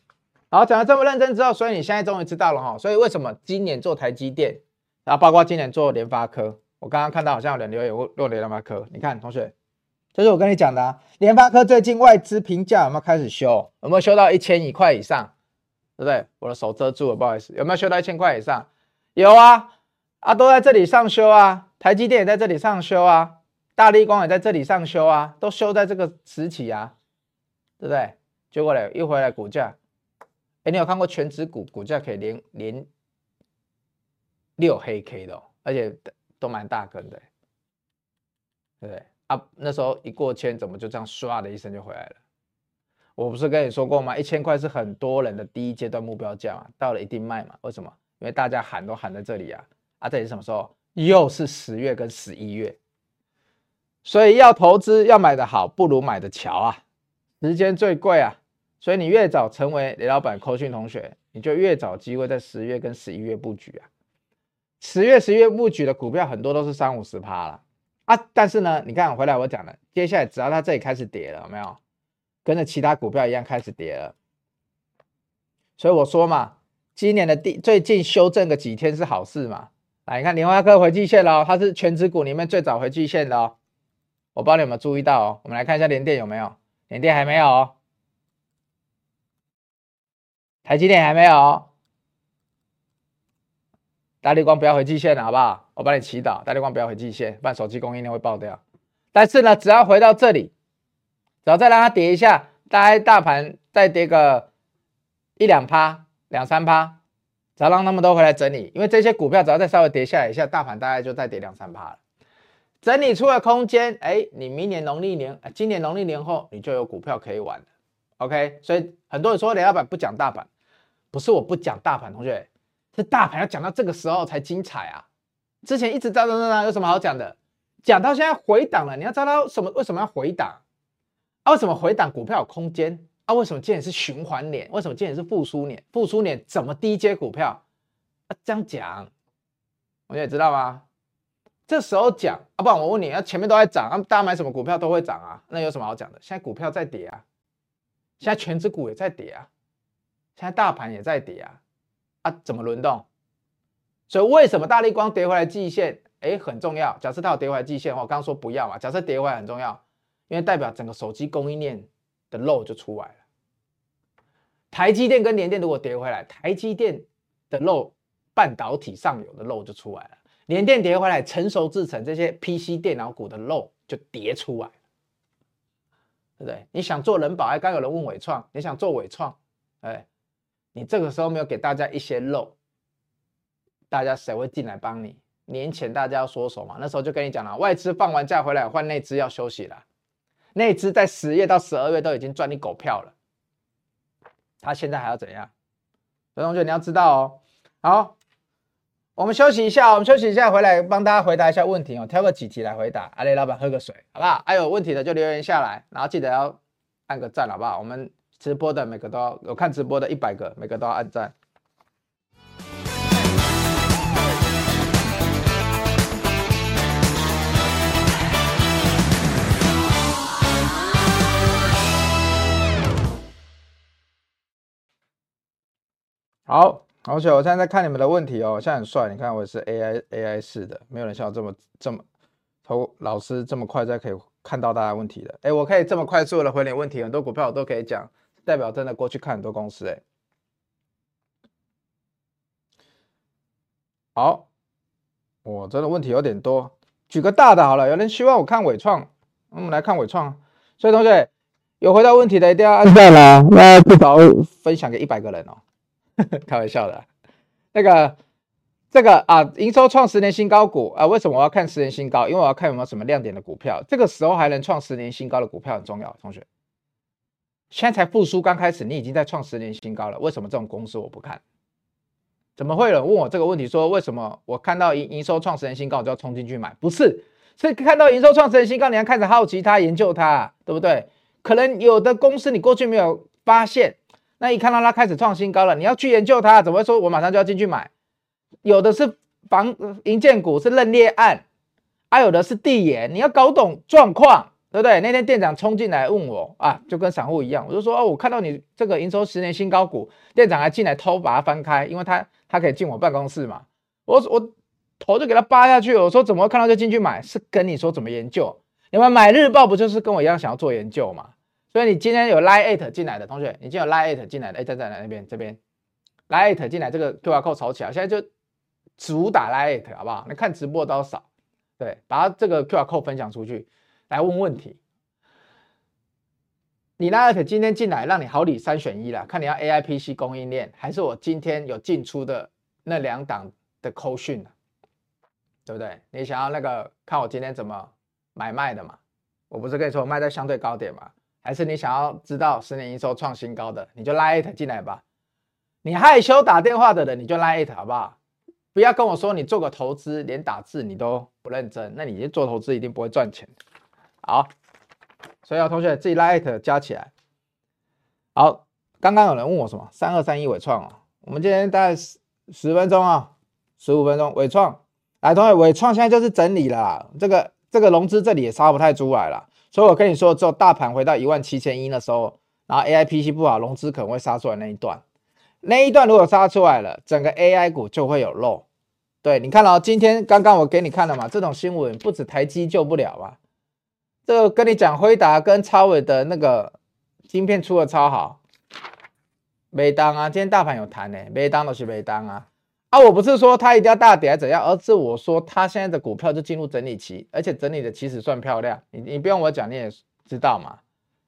然後講的這麼認真之後，所以你現在終於知道了哈，所以為什麼今年做台積電，然後包括今年做聯發科，我剛剛看到好像有人留言問了聯發科，你看同學。就是我跟你講的、啊，聯發科最近外資評價有沒有開始修？有沒有修到一千一塊以上？對不對？我的手遮住了，不好意思，有沒有修到一千塊以上？有啊，啊都在這裡上修啊，台積電也在這裡上修啊，大立光也在這裡上修啊，都修在這個時期啊，對不對？結果呢，又回來股價，哎、欸，你有看過權值股股價可以連連六黑 K 的、哦，而且都蠻大根的，對不對？啊，那時候一過千，怎麼就這樣唰的一聲就回來了？我不是跟你說過嗎？一千塊是很多人的第一階段目標價嘛，到了一定賣嘛。為什麼？因為大家喊都喊在這裡啊，啊，這裡什麼時候？又是十月跟十一月，所以要投資要買的好，不如買的巧啊，時間最貴啊。所以你越早成為雷老闆、科訊同學，你就越早機會在十月跟十一月布局啊。十月、十一月布局的股票很多都是三五十趴了。啦啊，但是呢，你看回來我講了，接下來只要它這裡開始跌了，有沒有跟着其他股票一樣開始跌了？所以我說嘛，今年的第最近修正個幾天是好事嘛？來，你看聯發科回季線了，它是權值股裡面最早回季線的哦。我不知道你有沒有注意到哦。我們來看一下聯電有沒有，聯電還沒有、哦，台積電還沒有、哦，大立光不要回季線了，好不好？我幫你祈禱，大家光不要回季線，不然手機供應鏈會爆掉。但是呢，只要回到這裡，只要再讓它跌一下，大概大盤再跌個一兩趴、兩三趴，只要讓他們都回來整理。因為這些股票只要再稍微跌下來一下，大盤大概就再跌兩三趴了。整理出了空間，哎、欸，你明年農曆年、呃、今年農曆年後，你就有股票可以玩了。OK，所以很多人說小板不講大盤，不是我不講大盤，同學，這大盤要講到這個時候才精彩啊！之前一直在漲漲漲，有什麼好講的？講到現在回檔了，你要知道什麼？為什麼要回檔？啊，為什麼回檔？股票有空間？啊，為什麼今年是循環年？為什麼今年是復甦年？復甦年怎麼低階股票？啊，這樣講，同學知道嗎？這時候講，啊，不然我問你，那前面都在漲，那大家買什麼股票都會漲啊？那有什麼好講的？現在股票在跌啊，現在權值股也在跌啊，現在大盤也在跌啊，啊，怎麼輪動？所以為什麼大立光跌回來季線，哎、欸、很重要。假設它有跌回來季線的話，我剛剛說不要嘛。假設跌回來很重要，因為代表整個手機供應鏈的肉就出來了。台積電跟聯電如果跌回來，台積電的肉，半導體上游的肉就出來了。聯電跌回來，成熟製程這些 PC 電腦股的肉就疊出來了，對不對？你想做仁寶，還剛有人問緯創，你想做緯創，哎，你這個時候沒有給大家一些肉。大家誰會進來幫你？年前大家要縮手嘛。那時候就跟你講了，外資放完假回來換內資要休息了，內資在十月到十二月都已經賺你狗票了，他現在還要怎樣？所以同學你要知道哦。好，我們休息一下，我們休息一下，回來幫大家回答一下問題哦，我挑個幾題來回答。阿、啊、雷老闆喝個水，好不好？還、啊、有問題的就留言下來，然後記得要按個讚，好不好？我們直播的每個都要有看直播的，一百個每個都要按讚。好，同學，我現在在看你們的問題哦。我現在很帥，你看我也是 AI AI 式的，沒有人像我這麼這麼，頭老師這麼快在可以看到大家問題的。哎、欸，我可以這麼快速的回你問題，很多股票我都可以講，代表真的過去看很多公司、欸。哎，好，我真的問題有點多，舉個大的好了，有人希望我看緯創，我們來看緯創。所以同學有回答問題的一定要按讚啦，那至少分享給一百個人哦。呵呵開玩笑的、啊，那個，這個啊，營收創十年新高股啊，為什麼我要看十年新高？因為我要看有沒有什麼亮點的股票。這個時候還能創十年新高的股票很重要、啊。同學，現在才復甦剛開始，你已經在創十年新高了，為什麼這種公司我不看？怎麼會有人問我這個問題說，說為什麼我看到營營收創十年新高，我就要衝進去買？不是，是看到營收創十年新高，你要開始好奇他，他研究它，對不對？可能有的公司你過去沒有發現。那一看到它開始創新高了，你要去研究它，怎麼會說我馬上就要進去買？有的是房、營建股是認列案，啊，有的是遞延，你要搞懂狀況，對不對？那天店長衝進來問我啊，就跟散戶一樣，我就說哦，我看到你這個營收十年新高股，店長還進來偷把它翻開，因為他他可以進我辦公室嘛，我我頭就給他扒下去，我說怎麼會看到就進去買？是跟你說怎麼研究？你們買日報不就是跟我一樣想要做研究嘛？所以你今天有拉 LINE@ 進來的同學，你今天有拉 LINE@ 進來的，哎，站在在哪那邊？這邊，拉 LINE@ 進來，這個 Q R code 掃起來，現在就主打拉 LINE@，好不好？你看直播都少？對，把它這個 Q R code 分享出去，來問問題。你拉 LINE@ 今天進來，讓你好禮三選一了，看你要 A I P C 供應鏈，還是我今天有進出的那兩檔的扣訊啊，對不對？你想要那個看我今天怎麼買賣的嘛？我不是跟你說我賣在相對高點嘛？還是你想要知道十年營收創新高的，你就 LINE it 進來吧。你害羞打電話的人，你就 LINE it 好不好？不要跟我說你做個投資，連打字你都不認真，那你做投資一定不會賺錢。好，所有同學自己 LINE it 加起來。好，剛剛有人問我什麼三二三一緯創啊？我們今天大概十十分鐘啊，十五分鐘。緯創，來同學，緯創現在就是整理了啦，這個這個融資這裡也殺不太出來了。所以我跟你說，只有大盤回到一萬七千一的時候，然後 A I P C 不好，融資可能會殺出來那一段，那一段如果殺出來了，整個 A I 股就會有肉。對你看哦，今天剛剛我給你看了嘛，這種新聞不止台積救不了啊，這個、跟你講，輝達跟超微的那個晶片出的超好，沒當啊，今天大盤有彈呢、欸，沒當都是沒當啊。啊，我不是說它一定要大跌還是怎樣，而是我說它現在的股票就進入整理期，而且整理的其實算漂亮。你你不用我講你也知道嘛，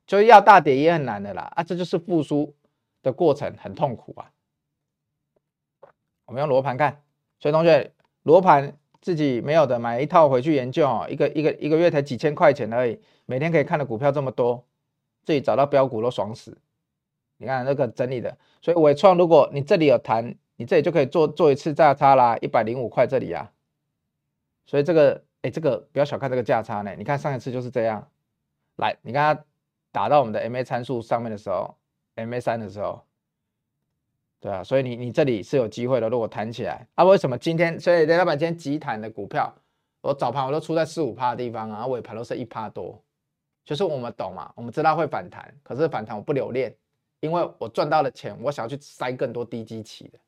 就是要大跌也很難的啦。啊，這就是復甦的過程很痛苦啊。我們用羅盤看，所以同學羅盤自己沒有的買一套回去研究哦。一個一個一個月才幾千塊錢而已，每天可以看的股票這麼多，自己找到標股都爽死。你看那個整理的，所以偉創，如果你這裡有談。你這裡就可以做做一次價差啦、啊，一百零五塊這裡啊。所以這個哎，欸、這個不要小看這個價差呢、欸。你看上一次就是這樣，來，你看它打到我們的 MA 參數上面的時候，MA 三的時候，對啊，所以你你這裡是有機會的。如果彈起來，啊，為什麼今天？所以雷老闆今天急彈的股票，我早盤我都出在四五趴的地方啊，尾盤都是一趴多，就是我們懂嘛，我們知道會反彈，可是反彈我不留戀，因為我賺到了錢，我想要去塞更多低基期的。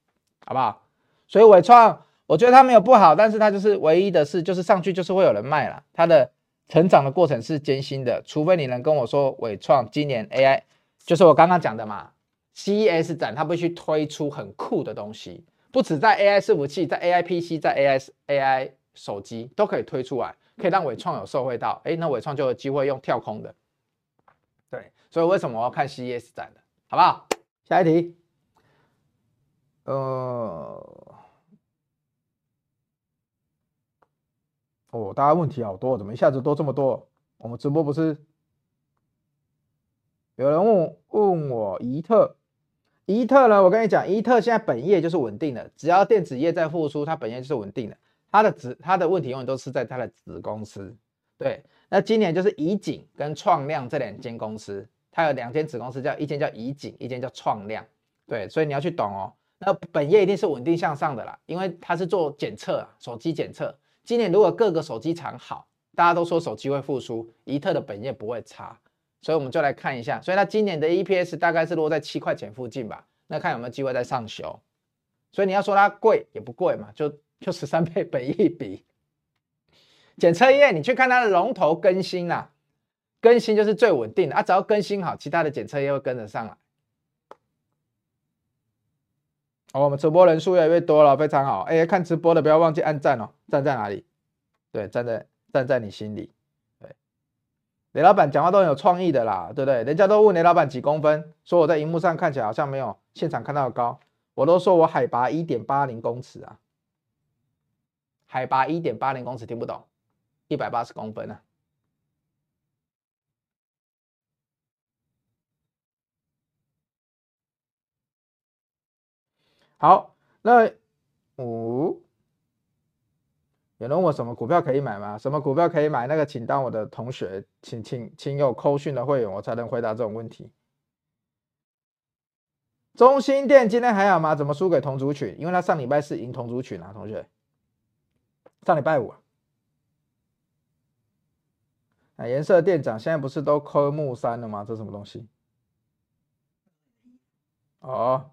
好不好？所以緯創，我覺得它沒有不好，但是它就是唯一的事，就是上去就是會有人賣了。它的成長的過程是艱辛的，除非你能跟我說，緯創今年 AI 就是我剛剛講的嘛，CES 展它必須推出很酷的東西，不只在 AI 伺服器，在 AIPC，在 AI AI 手機都可以推出來，可以讓緯創有受惠到，誒、欸，那緯創就有機會用跳空的。對，所以為什麼我要看 CES 展的，好不好？下一題。呃，哦，大家問題好多，怎麼一下子都這麼多？我們直播不是有人問我問我宜特，宜特呢？我跟你講，宜特現在本業就是穩定的，只要電子業在復甦，它本業就是穩定的。它的子，它的問題永遠都是在它的子公司。對，那今年就是怡景跟創亮這兩間公司，它有兩間子公司，叫一間叫怡景，一間叫創亮。對，所以你要去懂哦。那本業一定是穩定向上的啦，因為它是做檢測，手機檢測。今年如果各個手機廠好，大家都說手機會復甦，宜特的本業不會差，所以我們就來看一下。所以它今年的 EPS 大概是落在七塊錢附近吧？那看有沒有機會再上修。所以你要說它貴也不貴嘛，就就十三倍本益比。檢測業你去看它的龍頭更新啦、啊，更新就是最穩定的，啊，只要更新好，其他的檢測業會跟得上啦、啊。哦，我們直播人數越來越多了，非常好。哎，看直播的不要忘記按讚哦，讚在哪裡？對，站在站在你心裡。對，雷老闆講話都很有創意的啦，對不對？人家都問雷老闆幾公分，說我在熒幕上看起來好像沒有現場看到的高，我都說我海拔一點八零公尺啊，海拔一點八零公尺聽不懂，一百八十公分啊。好，那五、哦、有人問我什麼股票可以買嗎？什麼股票可以買？那個請當我的同學，請請請有扣訊的會員，我才能回答這種問題。中心電今天還好嗎？怎麼輸給同族群？因為他上禮拜是贏同族群啊，同學。上禮拜五啊，顏色店長現在不是都科目三了嗎？這什麼東西？哦。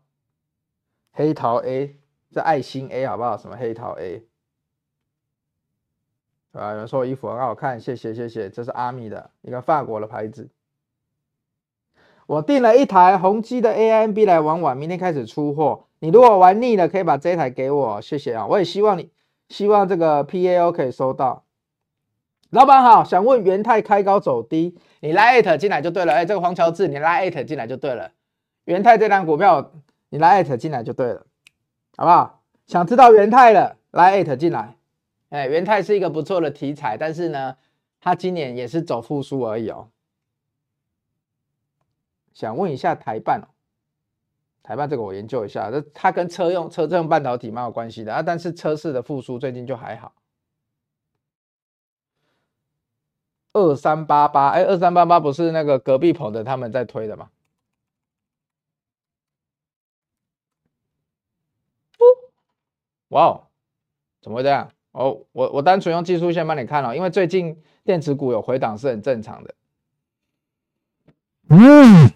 黑桃 A，這愛心 A 好不好？什麼黑桃 A？啊，有人說衣服很好看，謝謝謝謝，這是阿米的一個法國的牌子。我訂了一台宏基的 AIMB 來玩玩，明天開始出貨。你如果玩膩了，可以把這一台給我，謝謝啊！我也希望你，希望這個 PAO 可以收到。老闆好，想問元泰開高走低，你拉艾特進來就對了。哎，這個黃喬治，你拉艾特進來就對了。元泰這檔股票。你來艾特進來就對了，好不好？想知道元太的，來艾特進來。哎，元太是一個不錯的題材，但是呢，它今年也是走復甦而已哦。想問一下台辦哦，台辦這個我研究一下，這它跟車用車用半導體沒有關係的啊，但是車市的復甦最近就還好。二三八八，哎，二三八八不是那個隔壁棚的他們在推的嗎？哇哦，wow, 怎麼會這樣？哦、oh，我我單純用技術線幫你看了，哦，因為最近電子股有回檔是很正常的。嗯，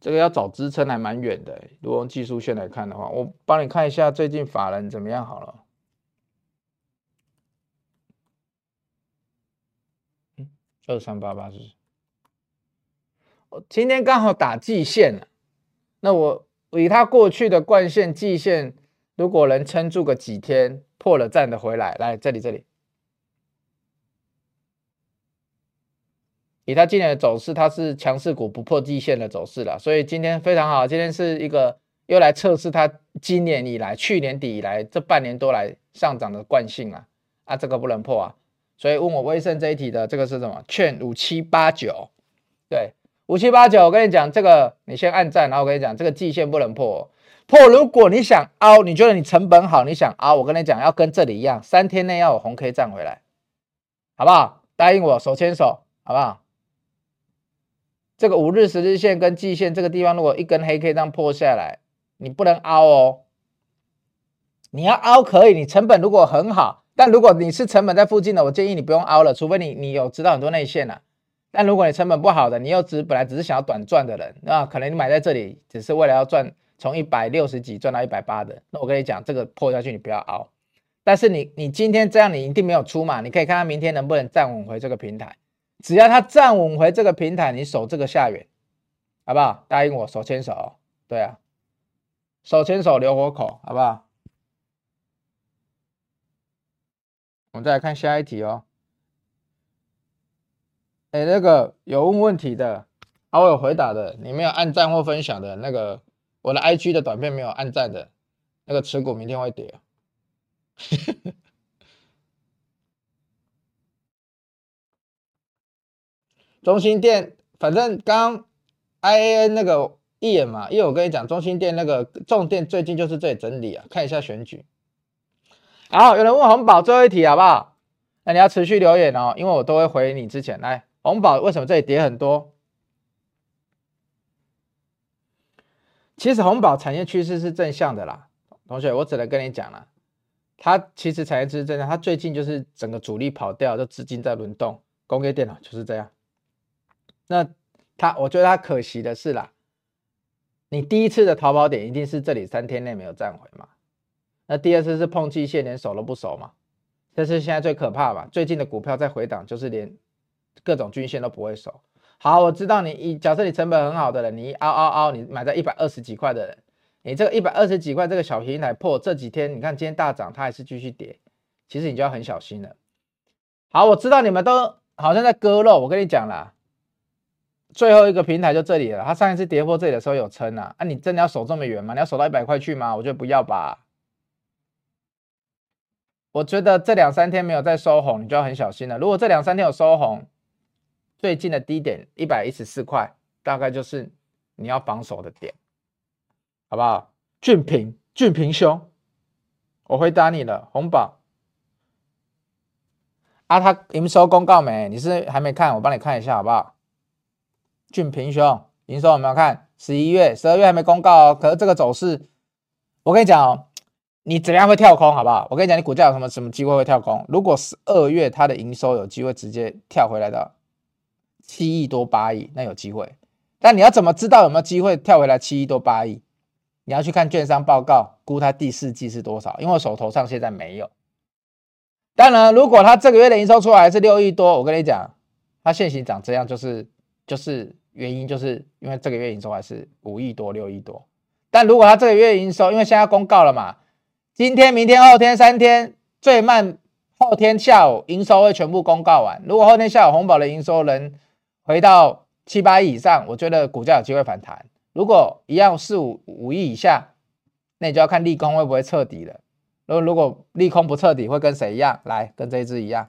這個要找支撐還蠻遠的。如果用技術線來看的話，我幫你看一下最近法人怎麼樣好了。嗯，二三八八是。今天剛好打季線了、啊，那我，我以它過去的慣性季線，如果能撐住個幾天，破了站的回來。來這裡這裡，以它今年的走勢，它是強勢股，不破季線的走勢了。所以今天非常好，今天是一個又來測試它今年以來、去年底以來這半年多來上漲的慣性啊！啊，這個不能破啊！所以問我威盛這一題的，這個是什麼？券五七八九，對。五七八九，5, 7, 8, 9, 我跟你講，這個你先按讚，然後我跟你講，這個季線不能破，喔、破。如果你想凹，你覺得你成本好，你想凹，我跟你講，要跟這裡一樣，三天內要有紅 K 站回來，好不好？答應我，手牽手，好不好？這個五日、十日線跟季線這個地方，如果一根黑 K 這樣破下來，你不能凹哦、喔。你要凹可以，你成本如果很好，但如果你是成本在附近的，我建議你不用凹了，除非你你有知道很多內線啊。但如果你成本不好的，你又只本來只是想要短賺的人，那可能你買在這裡只是為了要賺從一百六十幾賺到一百八的。那我跟你講，這個破下去你不要熬。但是你你今天這樣你一定沒有出嘛。你可以看看明天能不能站穩回這個平台，只要他站穩回這個平台，你守這個下緣，好不好？答應我，手牽手，對啊，手牽手留活口，好不好？我們再來看下一題哦。哎、欸，那個有問問題的，我有回答的，你沒有按讚或分享的，那個我的 IG 的短片沒有按讚的，那個持股明天會跌啊。 中興電，反正剛 IAN 那個一眼嘛，因為我跟你講，中興電那個重電最近就是在整理啊，看一下選舉。好，有人問紅寶最後一題好不好？那你要持續留言哦，因為我都會回你之前來。紅寶為什麼這裡跌很多？其實紅寶產業趨勢是正向的啦，同學，我只能跟你講啦，它其實產業趨勢正向，它最近就是整個主力跑掉，就資金在輪動，工業電腦就是這樣。那它，我覺得它可惜的是啦，你第一次的逃跑點一定是這裡三天內沒有站回嘛，那第二次是碰季線連守都不守嘛，這是現在最可怕嘛，最近的股票在回檔就是連。各種均線都不會守。好，我知道你一假設你成本很好的人，你嗷嗷嗷，你買在一百二十幾塊的人，你這個一百二十幾塊這個小平台破，這幾天你看今天大漲，它還是繼續跌，其實你就要很小心了。好，我知道你們都好像在割肉，我跟你講啦，最後一個平台就這裡了，它上一次跌破這裡的時候有撐啊，啊你真的要守這麼遠嗎？你要守到一百塊去嗎？我覺得不要吧。我覺得這兩三天沒有再收紅，你就要很小心了。如果這兩三天有收紅，最近的低點一百一十四塊，大概就是你要防守的點，好不好？俊平，俊平兄，我回答你了。紅榜。啊，他營收公告沒？你是還沒看？我幫你看一下，好不好？俊平兄，營收有沒有看？十一月、十二月還沒公告哦。可是這個走勢，我跟你講哦，你怎樣會跳空，好不好？我跟你講，你股價有什麼什麼機會會跳空？如果十二月它的營收有機會直接跳回來的。七億多八億，那有機會，但你要怎麼知道有沒有機會跳回來七億多八億？你要去看券商報告，估它第四季是多少，因為我手頭上現在沒有。當然，如果它這個月的營收出來是六億多，我跟你講，它現行漲這樣就是就是原因，就是因為這個月營收還是五億多六億多。但如果它這個月營收，因為現在公告了嘛，今天、明天、後天三天，最慢後天下午營收會全部公告完。如果後天下午紅寶的營收能回到七八以上，我覺得股價有機會反彈。如果一樣四五五億以下，那你就要看利空會不會徹底了。如果利空不徹底，會跟誰一樣？來，跟這一隻一樣。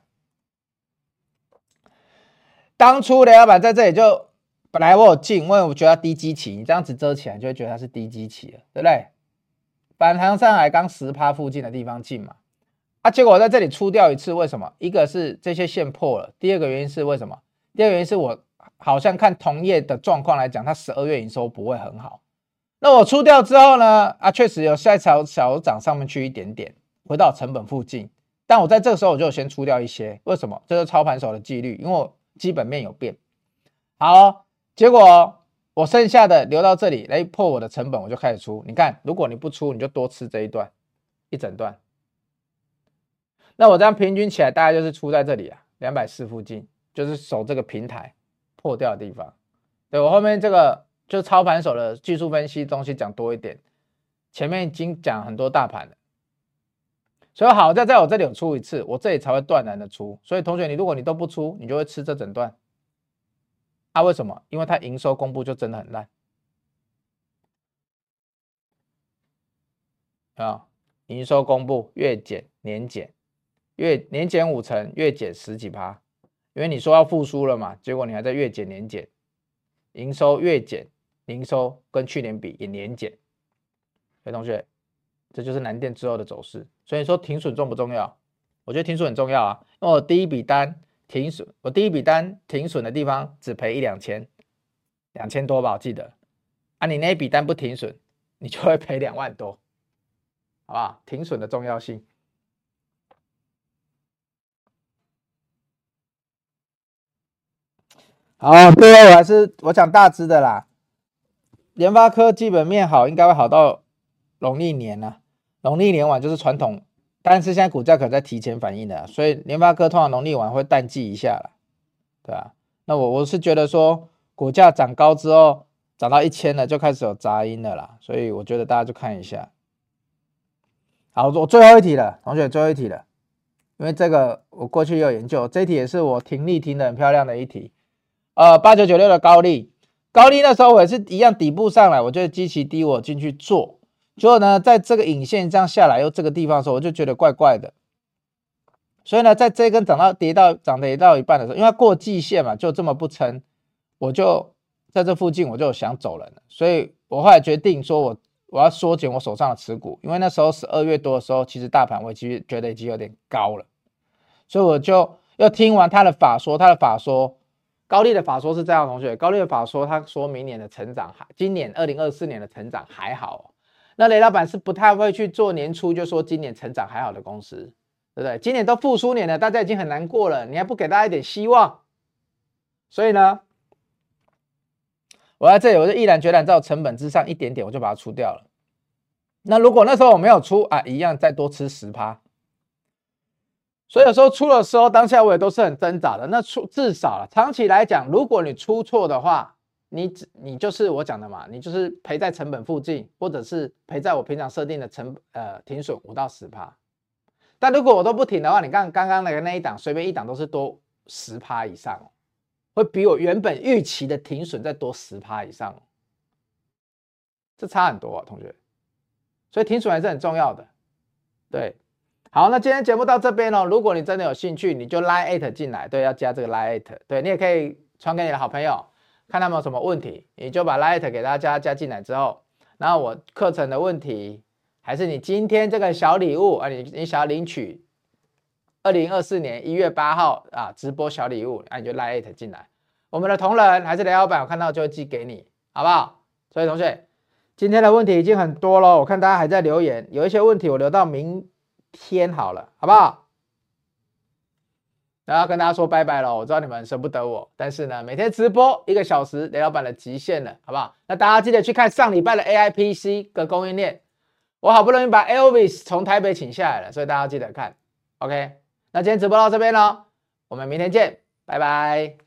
當初雷老板在這裡就本來我有進，因為我覺得低基期，你這樣子遮起來就會覺得它是低基期了，對不對？反彈上來剛十趴附近的地方進嘛，啊，結果我在這裡出掉一次，為什麼？一個是這些線破了，第二個原因是為什麼？第二個原因是我。好像看同業的狀況來講，它十二月營收不會很好。那我出掉之後呢？啊，確實有下一小小漲，上面去一點點，回到成本附近。但我在這個時候我就先出掉一些，為什麼？這是操盤手的紀律，因為我基本面有變。好、哦，結果我剩下的留到這裡，來、欸、破我的成本，我就開始出。你看，如果你不出，你就多吃這一段，一整段。那我這樣平均起來，大概就是出在這裡啊，兩百四附近，就是守這個平台。破掉的地方，對我後面這個就操盤手的技術分析東西講多一點，前面已經講很多大盤了，所以好在在我這裡有出一次，我這裡才會斷然的出。所以同學，你如果你都不出，你就會吃這整段。啊，為什麼？因為它營收公布就真的很爛。啊，營收公布月減、年減，月年減五成，月減十幾趴。因為你說要復甦了嘛，結果你還在月減年減，營收月減，營收跟去年比也年減。所以同學，這就是南電之後的走勢。所以你說停損重不重要？我覺得停損很重要啊，因為我第一筆單停損，我第一筆單停損的地方只賠一兩千，兩千多吧，我記得。啊，你那一筆單不停損，你就會賠兩萬多，好不好？停損的重要性。好，最後、哦、還是我講大致的啦。聯發科基本面好，應該會好到農曆年了。農曆年完就是傳統，但是現在股價可能在提前反應的啦，所以聯發科通常農曆完會淡季一下了，對吧？那我我是覺得說股價漲高之後，漲到一千了就開始有雜音的啦，所以我覺得大家就看一下。好，我最後一題了，同學最後一題了，因為這個我過去也有研究，這一題也是我聽力聽的很漂亮的一題。呃，八九九六的高利，高利那時候我也是一樣底部上來，我就得極其低，我進去做。結果呢，在這個影線這樣下來，又這個地方的時候，我就覺得怪怪的。所以呢，在這一根漲到跌到漲跌到一半的時候，因為它過季線嘛，就這麼不撐，我就在這附近我就想走人了。所以我後來決定說，我我要縮減我手上的持股，因為那時候十二月多的時候，其實大盤我其實覺得已經有點高了。所以我就又聽完他的法說，他的法說。高利的法說是這樣，同學，高利的法說，他說明年的成長，今年二零二四年的成長還好。那雷老板是不太會去做年初就說今年成長還好的公司，對不對？今年都復甦年了，大家已經很難過了，你還不給大家一點希望？所以呢，我在這裡我就毅然決然在我成本之上一點點，我就把它出掉了。那如果那時候我沒有出啊，一樣再多吃十趴。所以有時候出的時候，當下我也都是很掙扎的。那出至少了、啊，長期來講，如果你出錯的話，你你就是我講的嘛，你就是賠在成本附近，或者是賠在我平常設定的成呃停損五到十趴。但如果我都不停的話，你看剛剛那個那一檔，隨便一檔都是多十趴以上，會比我原本預期的停損再多十趴以上。這差很多啊，同學。所以停損還是很重要的，對。嗯好，那今天節目到這邊哦。如果你真的有興趣，你就 LINE@ 進來，對，要加這個 LINE@，對你也可以傳給你的好朋友，看他們有什麼問題，你就把 LINE@ 給大家加進來之後，然後我課程的問題，還是你今天這個小禮物啊，你你想要領取，二零二四年一月八號啊直播小禮物，那、啊、你就 LINE@ 進來，我們的同仁還是雷老板，我看到就會寄給你，好不好？所以同學，今天的問題已經很多了，我看大家還在留言，有一些問題我留到明。天好了，好不好？然後跟大家說拜拜了，我知道你們捨不得我，但是呢，每天直播一個小時，雷老闆的極限了，好不好？那大家記得去看上禮拜的 AIPC 的供應鏈，我好不容易把 Elvis 從台北請下來了，所以大家記得看。OK，那今天直播到這邊了，我們明天見，拜拜。